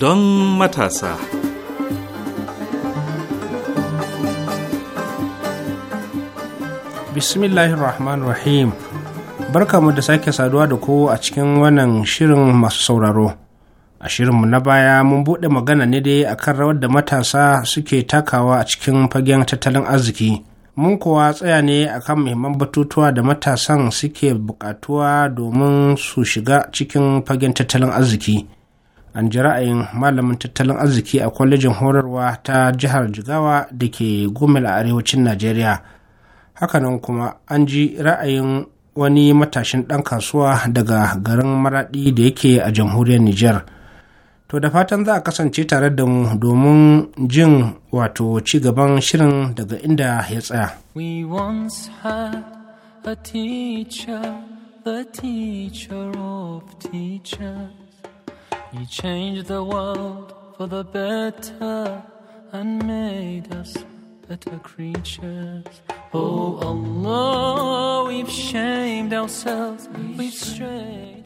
don matasa. Bismillahirrahmanirrahim. mu da sake saduwa da ku a cikin wannan shirin masu sauraro. A shirinmu na baya mun buɗe magana ne dai a kan rawar da matasa suke takawa a cikin fagen tattalin arziki. mun kuwa tsaya ne kan muhimman batutuwa da matasan suke bukatuwa domin su shiga cikin fagen tattalin arziki an ji ra'ayin malamin tattalin arziki a kwalejin horarwa ta jihar jigawa da ke gumel a arewacin najeriya hakanan kuma an ji ra'ayin wani matashin ɗan kasuwa daga garin maraɗi da yake a jamhuriyar niger to da fatan za a kasance tare da mu domin jin wato ci gaban shirin daga inda ya tsaya we once a teacher the teacher of teachers You changed the world for the better and made us better creatures. Oh Allah, we've shamed ourselves, we've strayed.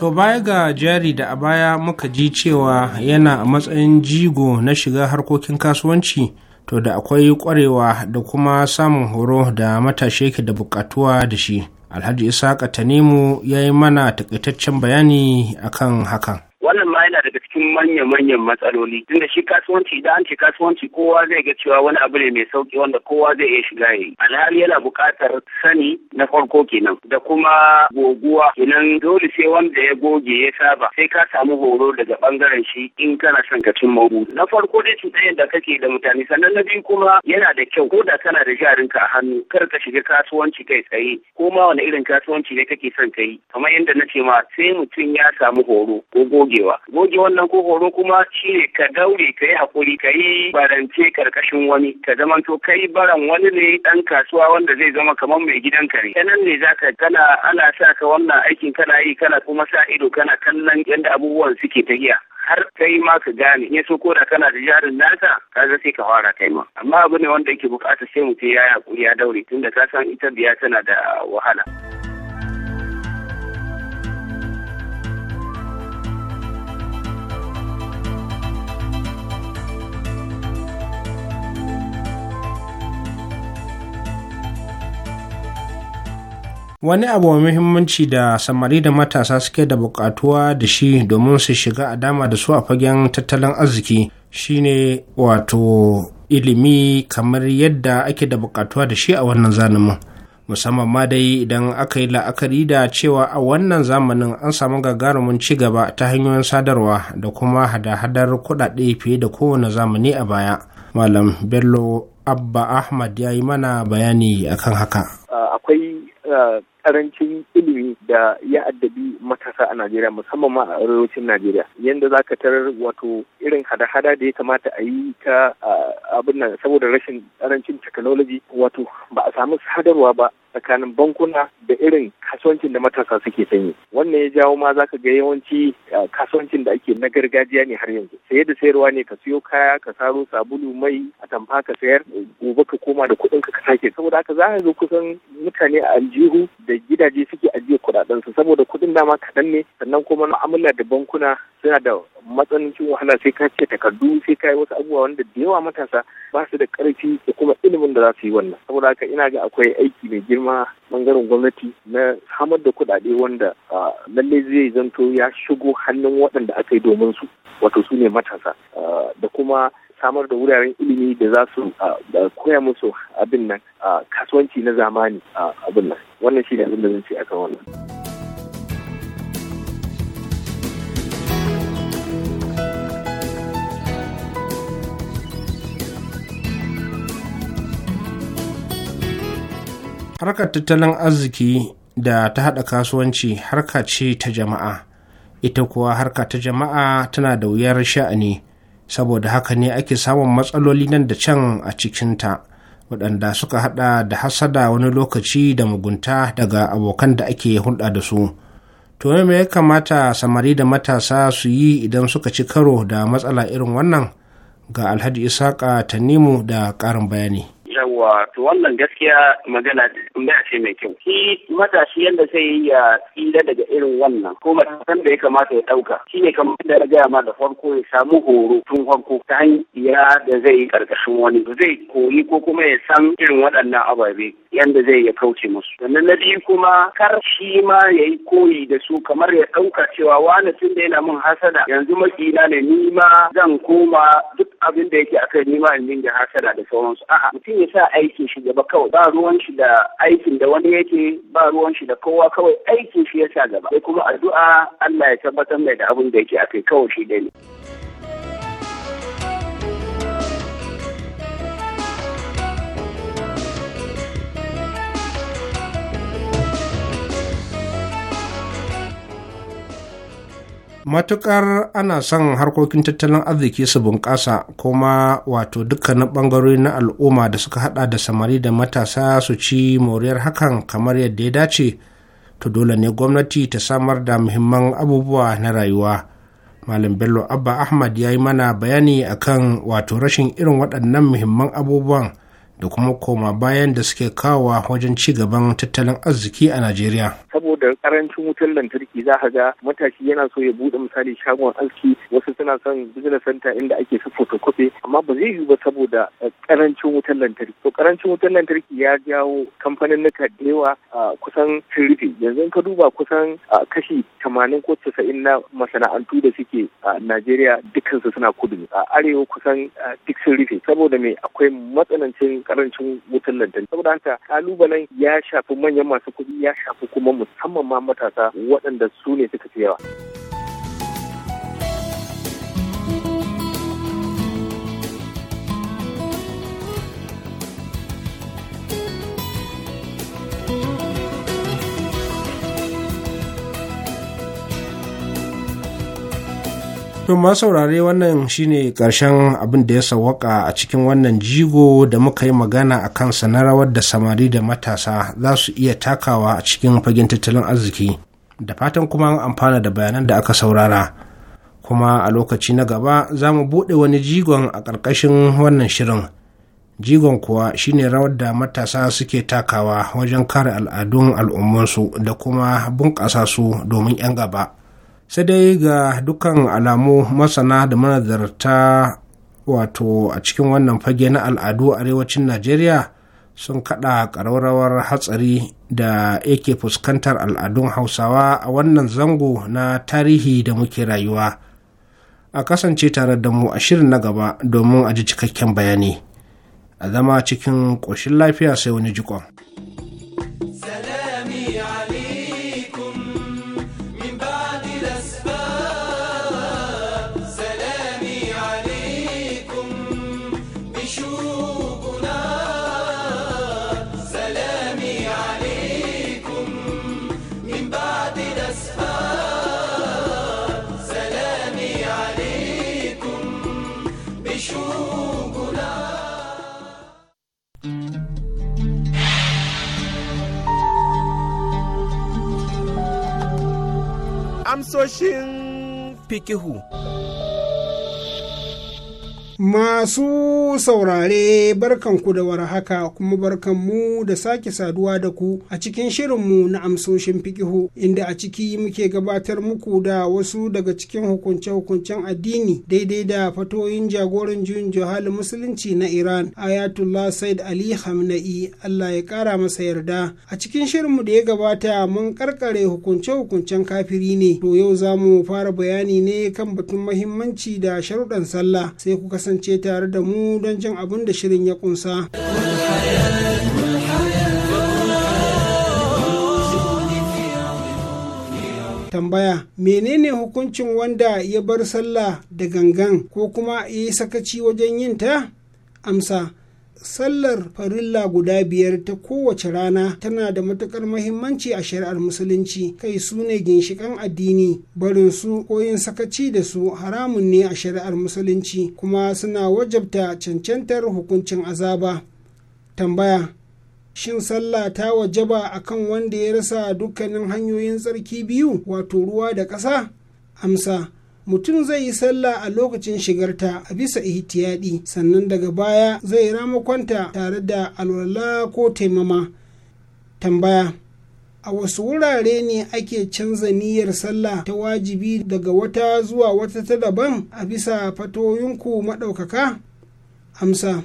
To baya ga jari da a baya muka ji cewa yana a matsayin jigo na shiga harkokin kasuwanci to da akwai kwarewa da kuma samun horo da matashe ke da bukatuwa da shi. Alhaji Isaka Tanimu ya yi mana takaitaccen bayani akan hakan. wannan ma yana daga cikin manya-manyan matsaloli tunda shi kasuwanci idan an ce kasuwanci kowa zai ga cewa wani abu ne mai sauki wanda kowa zai iya shiga yi. alhali yana buƙatar sani na farko kenan da kuma goguwa kenan dole sai wanda ya goge ya saba sai ka samu horo daga bangaren shi in kana son ka cin mauru na farko dai cuta da kake da mutane sannan na biyu kuma yana da kyau ko da kana da jarinka a hannu kar ka shiga kasuwanci kai tsaye ko ma wani irin kasuwanci ne kake son ka yi kamar yadda na ce ma sai mutum ya samu horo ko goge gogewa goge wannan ko horo kuma ne ka daure ka yi hakuri ka yi barance karkashin wani ka zamanto kai baran wani ne dan kasuwa wanda zai zama kamar mai gidanka ne nan ne zaka kana ana sa ka wannan aikin kana yi kana kuma sa ido kana kallon yadda abubuwan suke giya har kai ma ka gane ya so ko da kana da jarin naka ka ga sai ka fara kai ma amma abu ne wanda yake bukata sai mutum ya yi hakuri ya daure tunda ka san ita biya tana da wahala. wani abu mai muhimmanci da samari da matasa suke da bukatuwa da shi domin su shiga a dama da su a fagen tattalin arziki shine wato ilimi kamar yadda ake da bukatuwa da shi a wannan zanimin musamman ma dai idan aka yi la'akari da cewa a wannan zamanin an samu gagarumin ci gaba ta hanyoyin sadarwa da kuma hada-hadar kudade fiye da kowane zamani a baya malam bello abba ahmad ya yi mana bayani akan haka akwai karancin ilimi da ya addabi matasa a Najeriya musamman ma a arewacin Najeriya za ka tarar wato irin hada-hada da ya kamata a yi ta abin nan saboda rashin karancin technology wato ba a samu sadarwa ba tsakanin bankuna da irin kasuwancin da matasa suke sanyi wannan ya jawo ma zaka ga yawanci eh, kasuwancin da ake na gargajiya ne har yanzu saye da sayarwa ne ka siyo kaya ka saro sabulu mai atamfa ka sayar eh, gobe ka koma da kuɗin ka sake saboda haka za a zo kusan mutane a aljihu da gidaje suke ajiye kuɗaɗen su saboda kuɗin dama kaɗan ne sannan kuma mu'amala da bankuna suna da matsanancin wahala sai ka ce takardu sai ka yi wasu abubuwa wanda da yawa matasa ba su da ƙarfi da kuma ilimin da za su yi wannan saboda haka ina ga akwai aiki mai girma ma bangaren gwamnati na samar da kuɗaɗe wanda lalle zai zanto ya shigo hannun waɗanda aka yi domin su wato su ne matasa da kuma samar da wuraren ilimi da za su koya musu abin nan kasuwanci na zamani abin nan wannan shi ne abin da zan ce akan wannan. harkar tattalin arziki da ta haɗa kasuwanci harka ce ta jama'a ita kuwa harka ta jama'a tana da wuyar sha'ani saboda haka ne ake samun matsaloli nan da can a cikinta waɗanda suka haɗa da hasada wani lokaci da mugunta daga abokan da ake hulɗa da su to me ya kamata samari da matasa su yi idan suka ci karo da matsala irin wannan ga alhaji isaka tanimu da ƙarin bayani yawa to wannan gaskiya magana tambaya ce mai kyau. Shi matashi yadda zai ya tsira daga irin wannan ko matakan da ya kamata ya ɗauka shine ne kamar da na gaya ma da farko ya samu horo tun farko ta hanyar da zai karkashin ƙarƙashin wani zai koyi ko kuma ya san irin waɗannan ababe yadda zai ya kauce musu. Sannan na biyu kuma kar shi ma ya yi koyi da su kamar ya ɗauka cewa wani tun da yana min hasada yanzu makina ne ni ma zan koma duk abin da yake akan nima in dinga hasada da sauransu a'a mutum ya sa aikin shi gaba kawai ba ruwan shi da aikin da wani yake ba ruwan shi da kowa kawai aikin shi ya sa gaba sai kuma addu'a Allah ya tabbatar mai da abin da yake akai kawai shi dai ne matukar ana son harkokin tattalin arziki su bunƙasa kuma wato dukkanin ɓangarori na al'umma da suka hada da samari da matasa su ci moriyar hakan kamar yadda ya dace to dole ne gwamnati ta samar da muhimman abubuwa na rayuwa malam bello abba ahmad ya yi mana bayani akan wato rashin irin waɗannan muhimman abubuwan da kuma koma bayan da suke kawo wajen ci gaban tattalin arziki a Najeriya. Saboda karancin wutar lantarki za ka ga matashi yana so ya bude misali shagon aski wasu suna son business center inda ake su photocopy amma ba zai yi ba saboda eh, karancin wutar lantarki. To karancin wutar lantarki ya jawo kamfanin da yawa kusan sun yanzu ka duba kusan kashi tamanin ko casa'in na masana'antu da suke a Najeriya dukansu suna kudu a arewa kusan duk sun rufe saboda me akwai matsanancin karancin wutar lantarki saboda haka kalubalen ya shafi manyan masu kuɗi ya shafi kuma musamman ma matasa waɗanda su ne suka fi yawa. To ma saurare wannan shine ƙarshen abin da ya sawaka a cikin wannan jigo da muka yi magana a kansa na rawar da samari da matasa za su iya takawa a cikin fagen tattalin arziki. Da fatan kuma an amfana da bayanan da aka saurara. Kuma a lokaci na gaba za mu buɗe wani jigon a ƙarƙashin wannan shirin. Jigon kuwa shine rawar da matasa suke takawa wajen kare al'adun al'ummansu da kuma bunƙasa su domin 'yan gaba. sai dai ga dukkan alamu masana da manazarta wato a cikin wannan fage na al'adu a arewacin najeriya sun kada ƙararrawar hatsari da yake fuskantar al'adun hausawa a wannan zango na tarihi da muke rayuwa a kasance tare da mu a shirin na gaba domin a ji cikakken bayani a zama cikin ƙoshin lafiya sai wani jikon. amsoshin fikihu. Masu saurare barkanku da war haka kuma barkanmu da sake saduwa da ku a cikin shirin mu na amsoshin fikihu inda a ciki muke gabatar muku da wasu daga cikin hukunce-hukuncen addini daidai da fatoyin jagoran juyin jihar musulunci na Iran Ayatullah Said Ali Hamna'i Allah ya kara masa yarda a cikin shirin mu da ya gabata mun karkare hukunce-hukuncen kafiri ne to yau za mu fara bayani ne kan batun mahimmanci da sharuɗan sallah sai ku kasance tare da mu don jin abin da shirin ya kunsa. tambaya menene hukuncin wanda ya bar sallah da gangan ko kuma ya yi sakaci wajen yin ta amsa sallar farilla guda biyar ta kowace rana tana da matukar mahimmanci a shari'ar musulunci kai su ne ginshikan addini barin su ko yin sakaci da su haramun ne a shari'ar musulunci kuma suna wajabta cancantar hukuncin azaba tambaya shin sallah ta wajaba akan wanda ya rasa dukkanin hanyoyin tsarki biyu wato ruwa da ƙasa amsa mutum zai yi sallah a lokacin shigarta a bisa ihtiyadi sannan daga baya zai ramakonta tare da alwala ko taimama tambaya a wasu wurare ne ake canza niyyar sallah ta wajibi daga wata zuwa wata ta daban a bisa fatoyinku maɗaukaka amsa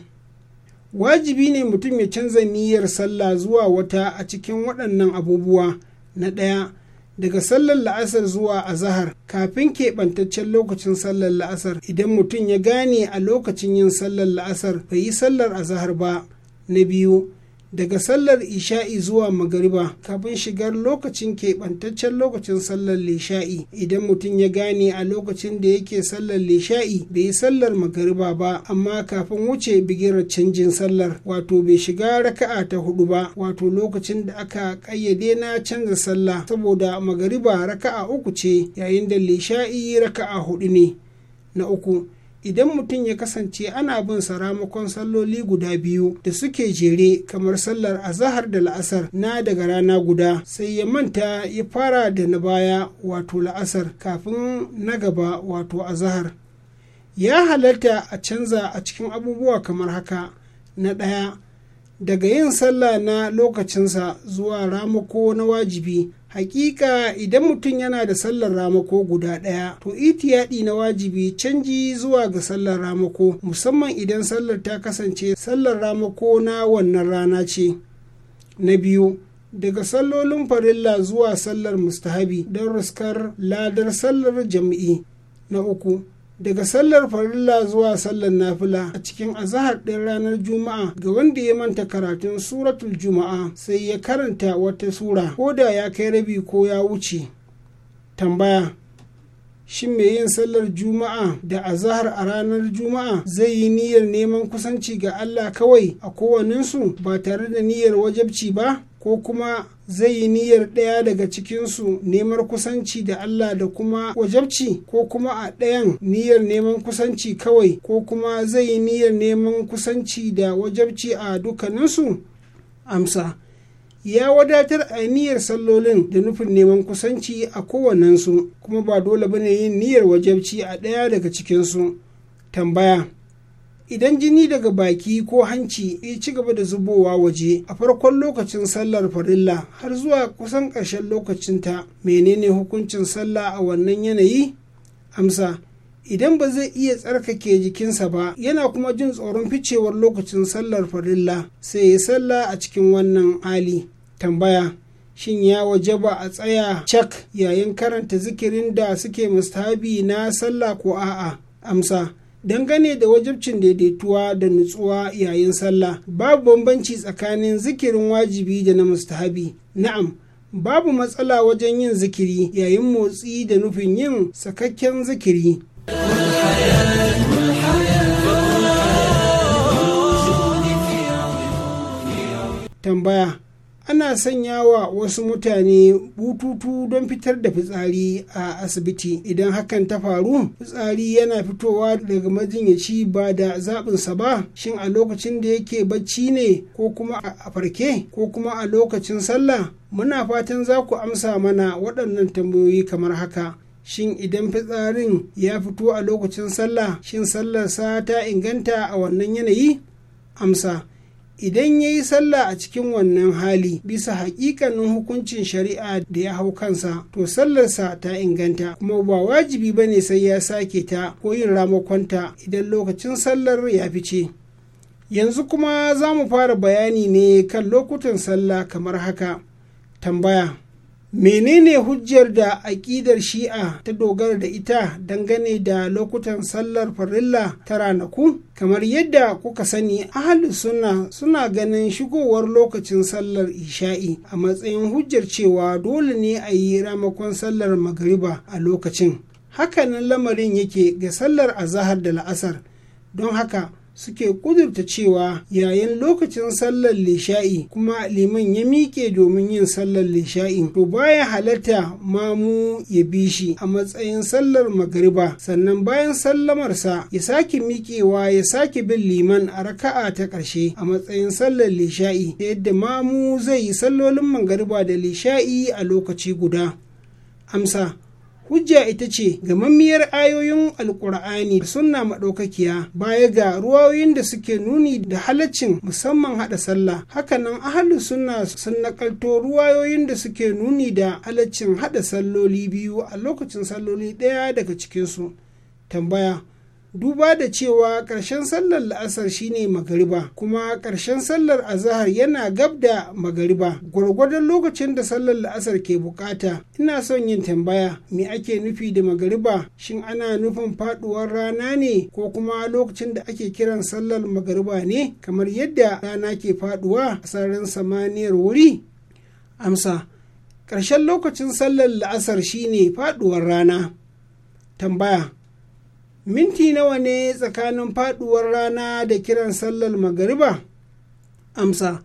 wajibi ne mutum ya canza niyyar sallah zuwa wata a cikin waɗannan abubuwa na ɗaya daga sallar la'asar zuwa azahar kafin keɓantaccen lokacin sallar la'asar idan mutum ya gane a lokacin yin sallar la'asar bai yi sallar azahar ba na biyu daga sallar isha'i zuwa magariba kafin shigar lokacin keɓantaccen lokacin sallar lisha'i idan mutum ya gane a lokacin da yake sallar lisha'i bai yi sallar magariba ba amma kafin wuce bigirar canjin sallar wato bai shiga raka'a ta hudu ba wato lokacin da aka ƙayyade na canza sallah saboda magariba raka'a uku ce yayin da lisha'i raka'a hudu ne na uku idan mutum ya kasance ana bin saramakon salloli guda biyu da suke jere kamar sallar azahar da la'asar na daga rana guda sai ya manta ya fara da na baya wato la'asar kafin na gaba wato azahar ya halatta a canza a cikin abubuwa kamar haka na ɗaya daga yin sallah na lokacinsa zuwa ramako na wajibi hakika idan mutum yana da sallar ramako guda ɗaya to itiyadi na wajibi canji zuwa ga sallar ramako musamman idan sallar ta kasance sallar ramako na wannan rana ce na biyu daga sallolin farilla zuwa sallar mustahabi don ruskar ladar sallar jam'i na uku daga sallar farilla zuwa sallar nafila a cikin azahar ɗin ranar juma'a ga wanda ya manta karatun suratul juma'a sai ya karanta wata sura ko da ya kai rabi ko ya wuce tambaya shin mai yin sallar juma'a da azahar a ranar juma'a zai yi niyyar neman kusanci ga allah kawai a kowaninsu ba tare da niyyar wajabci ba ko kuma zai yi niyyar ɗaya daga cikinsu neman kusanci da Allah da kuma wajabci ko kuma a ɗayan niyyar neman kusanci kawai ko kuma zai yi niyyar neman kusanci da wajabci a dukkaninsu? Amsa. ya wadatar a niyyar sallolin da nufin neman kusanci a kowannensu kuma ba dole bane yin niyyar wajabci a ɗaya daga cikinsu tambaya idan jini daga baki ko hanci ya ci gaba da zubowa waje a farkon lokacin sallar farilla har zuwa kusan ƙarshen lokacinta menene hukuncin sallah a wannan yanayi amsa idan ba zai iya tsarkake jikinsa ba yana kuma jin tsoron ficewar lokacin sallar farilla sai ya sallah a cikin wannan hali tambaya shin ya waje ba a tsaya cak yayin karanta zikirin da suke mustahabi na sallah ko a'a amsa dangane da wajibcin daidaituwa da nutsuwa yayin sallah babu bambanci tsakanin zikirin wajibi da na mustahabi na'am babu matsala wajen yin zikiri yayin motsi da nufin yin sakakken zikiri tambaya ana sanya wa wasu mutane bututu don fitar da fitsari a asibiti idan hakan ta faru fitsari yana fitowa daga majinyaci ba da zaɓinsa ba shin a lokacin da yake bacci ne ko kuma a farke ko kuma a lokacin sallah muna fatan za ku amsa mana waɗannan tambayoyi kamar haka shin idan fitsarin ya fito a lokacin sallah shin sallarsa ta inganta a wannan yanayi amsa idan ya yi sallah a cikin wannan hali bisa hakikanin hukuncin shari'a da ya hau kansa to sallarsa ta inganta kuma ba wajibi ba ne sai ya sake ta ko yin ramakonta idan lokacin sallar ya fice yanzu kuma za mu fara bayani ne kan lokutan sallah kamar haka tambaya menene hujjar da aƙidar shi'a ta dogara da ita dangane da lokutan sallar farilla ta ranaku kamar yadda kuka sani ahli suna suna ganin shigowar lokacin sallar isha'i a matsayin hujjar cewa dole ne a yi ramakon sallar magariba a lokacin hakanan lamarin yake ga sallar azahar da la'asar don haka suke kudurta cewa yayin lokacin sallar lisha'i kuma liman ya miƙe domin yin sallar lishai to baya halatta mamu ya bi shi a matsayin sallar magariba sannan bayan sallamarsa ya sake miƙewa ya sake bin liman a raka'a ta ƙarshe a matsayin sallar lisha'i ta yadda mamu zai yi sallolin magariba da lisha'i a lokaci guda amsa hujja ita ce ga gamammiyar ayoyin alkur'ani sunna maɗaukakiya baya ga ruwayoyin da suke nuni da halaccin musamman haɗa sallah hakanan ahalu suna sun nakalto ruwayoyin da suke nuni da halaccin haɗa salloli biyu a lokacin salloli ɗaya daga cikinsu tambaya duba da cewa ƙarshen sallar la'asar shine magariba kuma ƙarshen sallar azahar yana gab da magariba gwargwadon lokacin da sallar la'asar ke bukata ina son yin tambaya me ake nufi da magariba shin ana nufin faduwar rana ne ko kuma lokacin da ake kiran sallar magariba ne kamar yadda rana ke faduwa a sararin samaniyar wuri amsa ƙarshen lokacin sallar la'asar shine faduwar rana tambaya minti nawa ne tsakanin faduwar rana da kiran sallar magariba amsa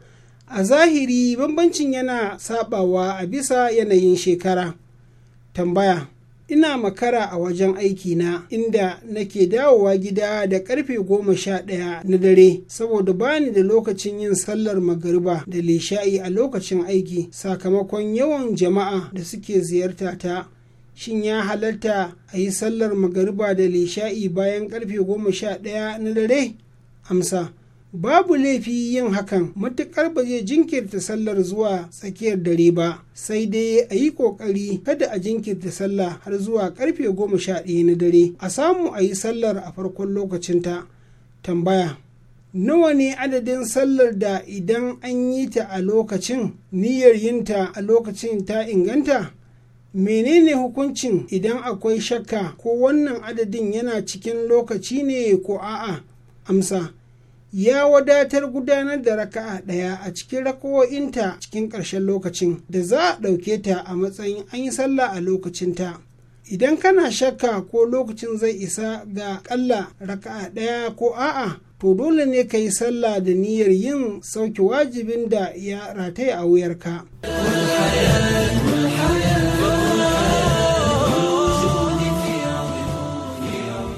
a zahiri bambancin yana sabawa a bisa yanayin shekara tambaya ina makara a wajen aikina inda nake dawowa gida da karfe goma sha ɗaya na dare saboda bani da lokacin yin sallar magariba da lishai a lokacin aiki sakamakon yawan jama'a da suke ziyarta ta shin ya halarta a yi sallar magariba da lisha'i bayan karfe goma sha ɗaya na dare amsa babu laifi yin hakan matuƙar ba zai jinkirta sallar zuwa tsakiyar dare ba sai dai a yi ƙoƙari kada a jinkirta sallah har zuwa karfe goma sha ɗaya na dare a samu a yi sallar a farkon lokacinta tambaya nawa ne adadin sallar da idan an yi ta a lokacin niyyar yinta a lokacin ta inganta menene hukuncin idan akwai shakka ko wannan adadin yana cikin lokaci ne ko a'a amsa ya wadatar gudanar da raka'a ɗaya a cikin rakawo'inta cikin ƙarshen lokacin da za a ɗauke ta a matsayin an yi sallah a lokacinta idan kana shakka ko lokacin zai isa ga ƙalla raka'a ɗaya ko a'a to dole ne ka yi sallah da niyyar yin sauki wajibin da ya rataya a wuyarka.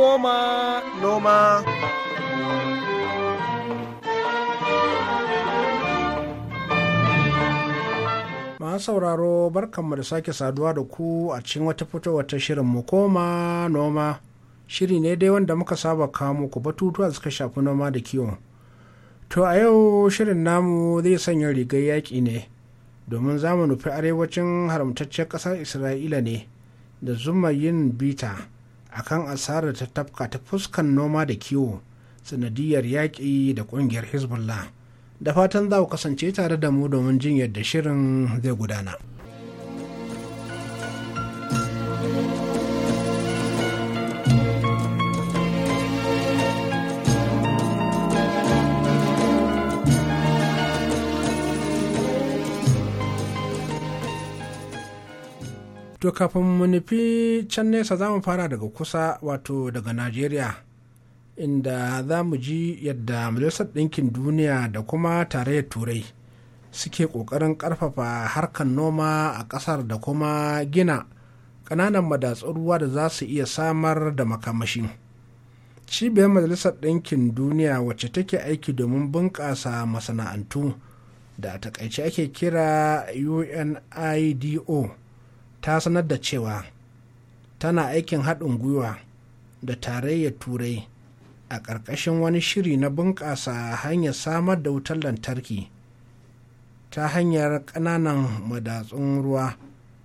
koma noma. masu sauraro barkanmu da sake saduwa da ku a cikin wata fitowa ta shirin mu koma noma shiri ne dai wanda muka saba kawo muku batutuwa suka shafi noma da kiwo to a yau shirin namu zai sanya rigar yaƙi ne domin zamu nufi arewacin haramtaccen ƙasar isra'ila ne da zuma yin bita akan asarar ta tafka ta fuskan noma da kiwo sanadiyar yaƙi da ƙungiyar hezbollah da fatan za ku kasance tare da mu domin jin yadda shirin zai gudana. to kafin mu nufi can nesa za mu fara daga kusa wato daga najeriya inda za mu ji yadda majalisar ɗinkin duniya da kuma tarayyar turai suke ƙoƙarin ƙarfafa harkar noma a ƙasar da kuma gina ƙananan madatsun ruwa da za su iya samar da makamashi cibiyar majalisar ɗinkin duniya wacce take aiki domin bunƙasa masana'antu da a taƙaice ake kira unido ta sanar da cewa tana aikin haɗin gwiwa da tarayyar turai a ƙarƙashin wani shiri na bunƙasa hanyar samar da wutar lantarki ta hanyar ƙananan madatsun ruwa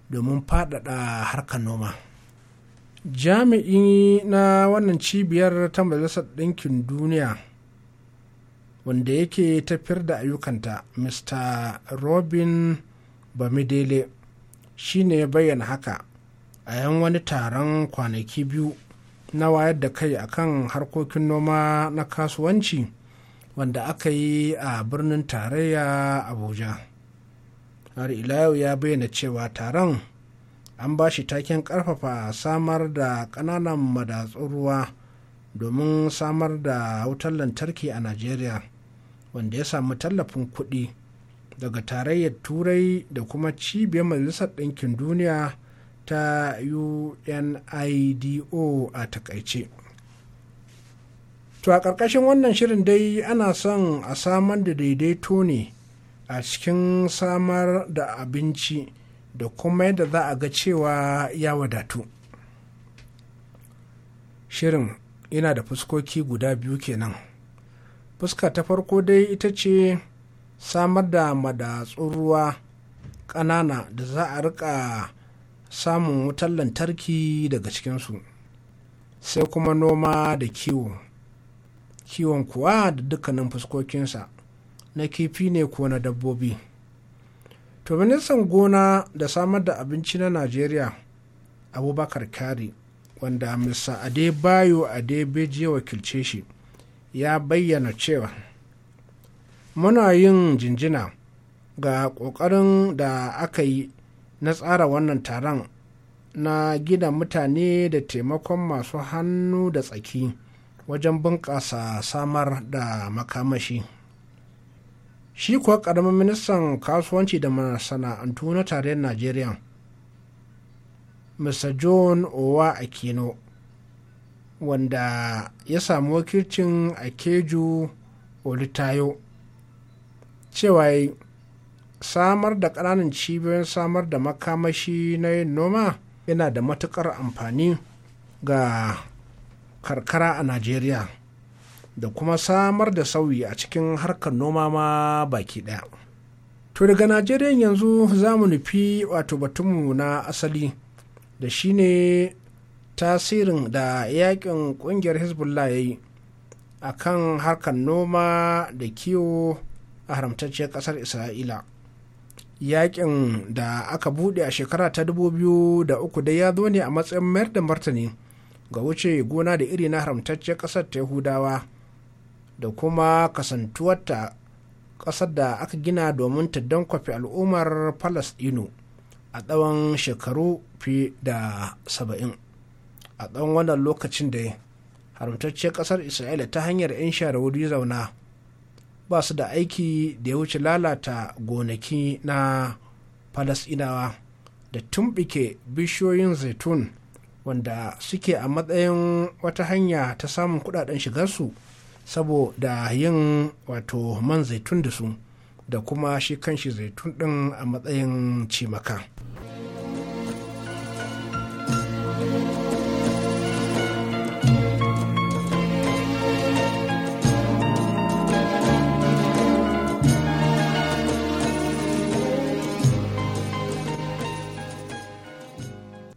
domin faɗaɗa harkar noma jami'i na wannan cibiyar ta majalisar ɗinkin duniya wanda yake tafiyar da ayyukanta mr robin bamidele shine ya bayyana haka a yan wani taron kwanaki biyu na wayar da kai kan harkokin noma na kasuwanci wanda aka yi a birnin tarayya abuja har ilayau ya bayyana cewa taron an ba shi taken karfafa samar da kananan madatsun ruwa domin samar da wutar lantarki a najeriya wanda ya samu tallafin kuɗi daga tarayyar turai da kuma cibiyar majalisar ɗinkin duniya ta unido a takaice to a ƙarƙashin wannan shirin dai ana son a samar da daidaito ne a cikin samar da abinci da kuma yadda za a ga cewa ya wadatu shirin yana da fuskoki guda biyu kenan fuska ta farko dai ita ce samar da madatsun ruwa ƙanana da za a rika samun wutar lantarki daga cikinsu sai kuma noma da kiwo kiwon kuwa da dukkanin fuskokinsa na kifi ne ko na dabbobi to ministan gona da samar da abinci na najeriya abubakar kari wanda mr adebayo adebeji ya wakilce shi ya bayyana cewa muna yin jinjina ga ƙoƙarin da aka yi na tsara wannan taron na gina mutane da taimakon masu hannu da tsaki wajen bunƙasa samar da makamashi shi kuwa ƙaramin ministan kasuwanci da masana'antu na tarayyar najeriya mr john owa akino wanda ya samu wakilcin akeju olitayo cewa samar da ƙananan cibiyoyin samar da makamashi na yin noma yana da matuƙar amfani ga karkara a najeriya da kuma samar da sauyi a cikin harkar noma ma baki ɗaya to daga najeriya yanzu za mu nufi wato batunmu na asali da shine tasirin da yakin ƙungiyar hezbollah ya yi a kan harkar noma da kiwo a haramtacciyar ƙasar isra'ila yakin da aka bude a shekara ta dubu biyu da uku dai ya zo ne a matsayin mayar da martani ga wuce gona da iri na haramtacciyar ƙasar ta yahudawa da kuma kasantuwarta ƙasar da aka gina domin ta kwafi al'ummar Falasɗinu a tsawon shekaru fi da saba'in a tsawon wannan lokacin da haramtacciyar ƙasar isra'ila ta hanyar 'yan shara wuri zauna ba su da aiki da ya wuce lalata gonaki na falasinawa da tumbike bishiyoyin zaitun wanda suke a matsayin wata hanya ta samun kudaden shigarsu saboda yin wato man zaitun da su da kuma shi kanshi zaitun din a matsayin cimaka.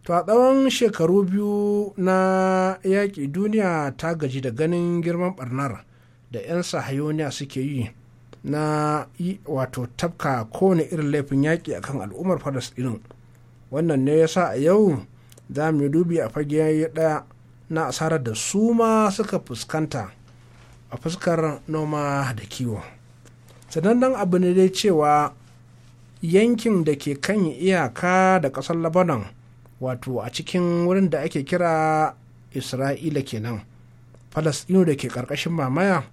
to a tsawon shekaru biyu na yaƙi duniya ta gaji da ganin girman barnar da 'yan sahayoniya suke yi na wato tafka kowane irin laifin yaƙi akan al'ummar falasɗinin wannan ne yasa a yau za mu dubi a fage ɗaya na asarar da su ma suka fuskanta a fuskar noma da kiwo sanannen abu ne dai cewa yankin da ke kan iyaka da ƙasar labanan wato a cikin wurin da ake kira isra'ila kenan falasɗinu da ke ƙarƙashin mamaya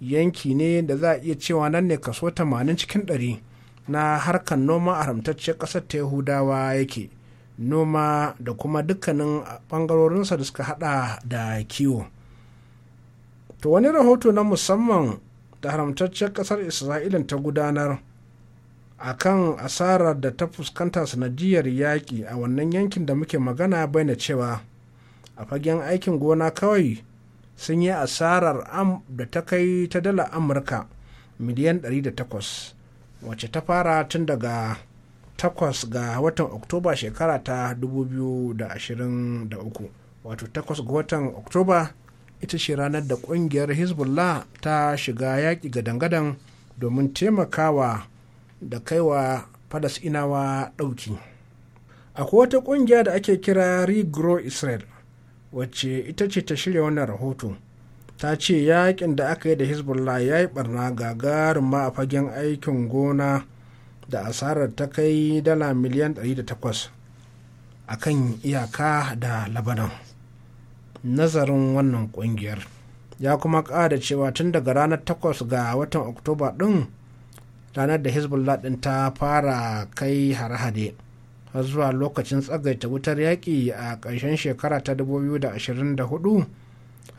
yanki ne da za a iya cewa nan ne kaso 80 cikin 100 na harkar noma a haramtacciyar ƙasar ta yahudawa yake noma da kuma dukkanin ɓangarorinsa da suka hada da kiwo to wani rahoto na musamman da haramtaccen ƙasar isra'ila ta gudanar a kan asarar da ta fuskanta sanadiyar yaƙi a wannan yankin da muke magana baina cewa a fagen aikin gona kawai sun yi asarar da ta kai ta dala amurka miliyan 108 wacce ta fara tun daga 8 ga watan oktoba shekara ta 2023 wato 8 ga watan oktoba ita ce ranar da kungiyar hezbollah ta shiga yaƙi gadan-gadan domin taimakawa da kaiwa inawa ɗauki akwai wata ƙungiyar da ake kira regrow israel wacce ita ce ta shirya wannan rahoto ta ce yakin da aka yi da hezbollah ya yi barna gagaruma a fagen aikin gona da asarar ta kai dala miliyan 108 a kan iyaka da labanan nazarin wannan kungiyar ya kuma kada cewa tun daga ranar 8 ga watan oktoba ɗin ranar da hezbollah ɗin ta fara kai hare-hare har zuwa lokacin tsagaita wutar yaƙi a ƙarshen shekara ta 2024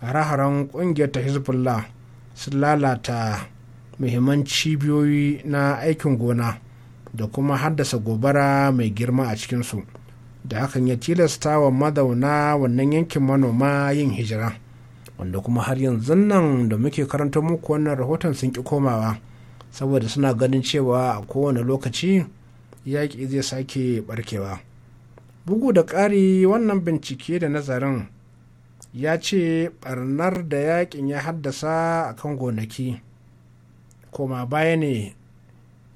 hare-haren ƙungiyar ta hezbollah sun lalata muhimman cibiyoyi na aikin gona da kuma haddasa gobara mai girma a cikinsu da hakan ya tilasta wa mazauna wannan yankin manoma yin hijira wanda kuma har yanzu nan da muke karanta muku wannan rahoton sun ki komawa saboda suna ganin cewa a kowane lokaci yaƙi zai sake barkewa bugu da ƙari wannan bincike da nazarin ya ce ɓarnar da yaƙin ya haddasa a kan gonaki koma baya ne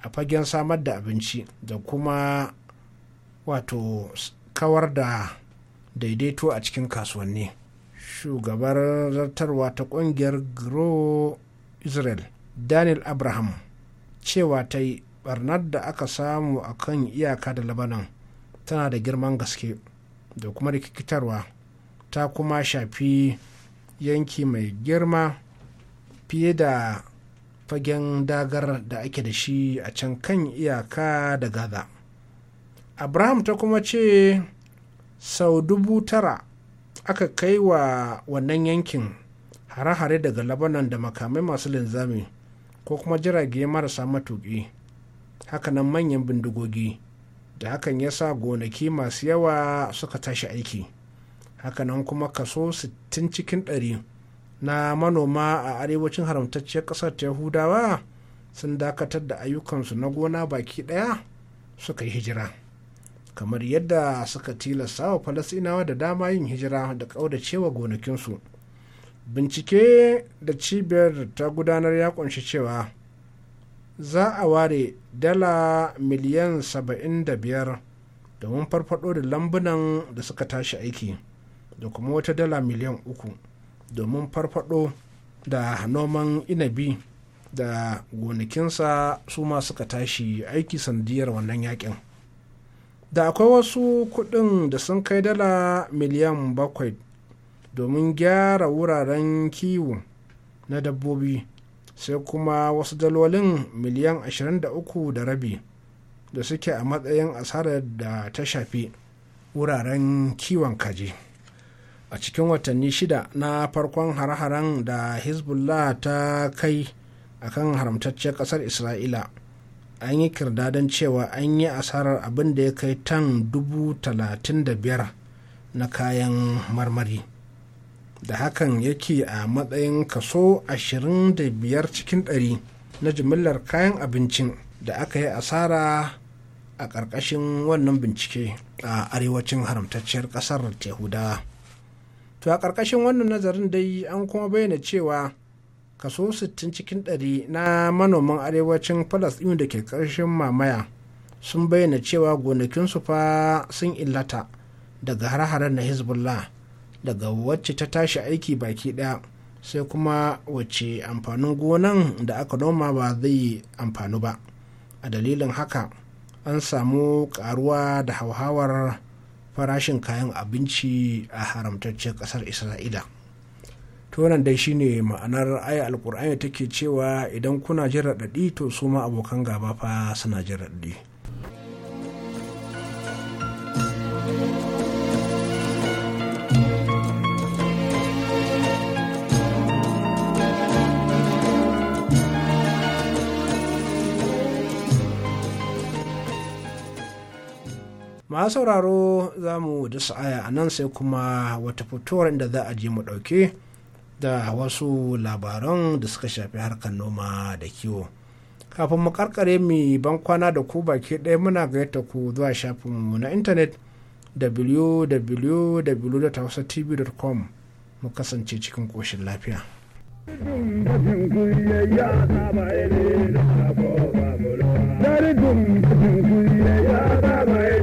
a fagen samar da abinci da kuma wato kawar da daidaito a cikin kasuwanni shugabar zartarwa ta ƙungiyar gro israel daniel abraham cewa ta yi barnar da aka samu a kan iyaka da labanan tana da girman gaske da kuma rikitarwa ta kuma shafi yanki mai girma fiye da fagen dagar da ake da shi a can kan iyaka da gaza abraham ta kuma ce sau dubu tara aka kai wa wannan yankin hare-hare daga labanan da makamai masu linzami ko kuma jirage marasa matuƙi hakanan manyan bindigogi da hakan ya sa gonaki masu yawa suka tashi aiki hakanan kuma kaso 60 cikin 100 na manoma a arewacin haramtacciyar ƙasar ta yahudawa sun dakatar da ayyukansu na gona baki ɗaya suka yi hijira kamar yadda suka tilasta wa falasinawa da dama yin hijira da ƙaudacewa gonakinsu bincike da cibiyar ta gudanar ya kunshi cewa za a ware dala miliyan 75 domin farfado da lambunan da suka tashi aiki da kuma wata dala miliyan 3 domin farfado da noman inabi da gonakinsa su ma suka tashi aiki sandiyar wannan yakin da akwai wasu kudin da sun kai dala miliyan bakwai domin gyara wuraren kiwo na dabbobi sai kuma wasu dalolin miliyan 23 da rabi da suke a matsayin asarar da ta shafi wuraren kiwon kaji a cikin watanni shida na farkon har-haren da hezbollah ta kai a kan haramtacciyar kasar isra'ila an yi kirdadan cewa an yi asarar abin da ya kai tan 35,000 na kayan marmari da hakan yake a matsayin kaso 25 cikin 100 na jimillar kayan abincin da aka yi asara a ƙarƙashin wannan bincike a arewacin haramtacciyar ƙasar tehuda to a ƙarƙashin wannan nazarin dai an kuma bayyana cewa kaso 60 cikin 100 na manoman arewacin falasɗinu da ke ƙarshen mamaya sun bayyana cewa gonakinsu fa sun illata daga har-haren na hezbollah daga wacce ta tashi aiki baki ɗaya sai kuma wacce amfanin gonan da aka noma ba zai yi amfani ba a dalilin haka an samu karuwa da hauhawar farashin kayan abinci a haramtacce ƙasar isra'ila tonan dai shine ma'anar aya alkur'ani take cewa idan kuna jin raɗaɗi to su ma abokan gaba fa suna jin raɗaɗi ma sauraro za mu da sa'aya a nan sai kuma wata fitowar inda za a je mu ɗauke da wasu labaran da suka shafi harkar noma da kiwo kafin mu karkare mu ban kwana da ku baki ɗaya muna gayyata ku zuwa shafin mu na intanet www.hausatv.com mu kasance cikin koshin lafiya. Dari dum dum kuye ya ba mai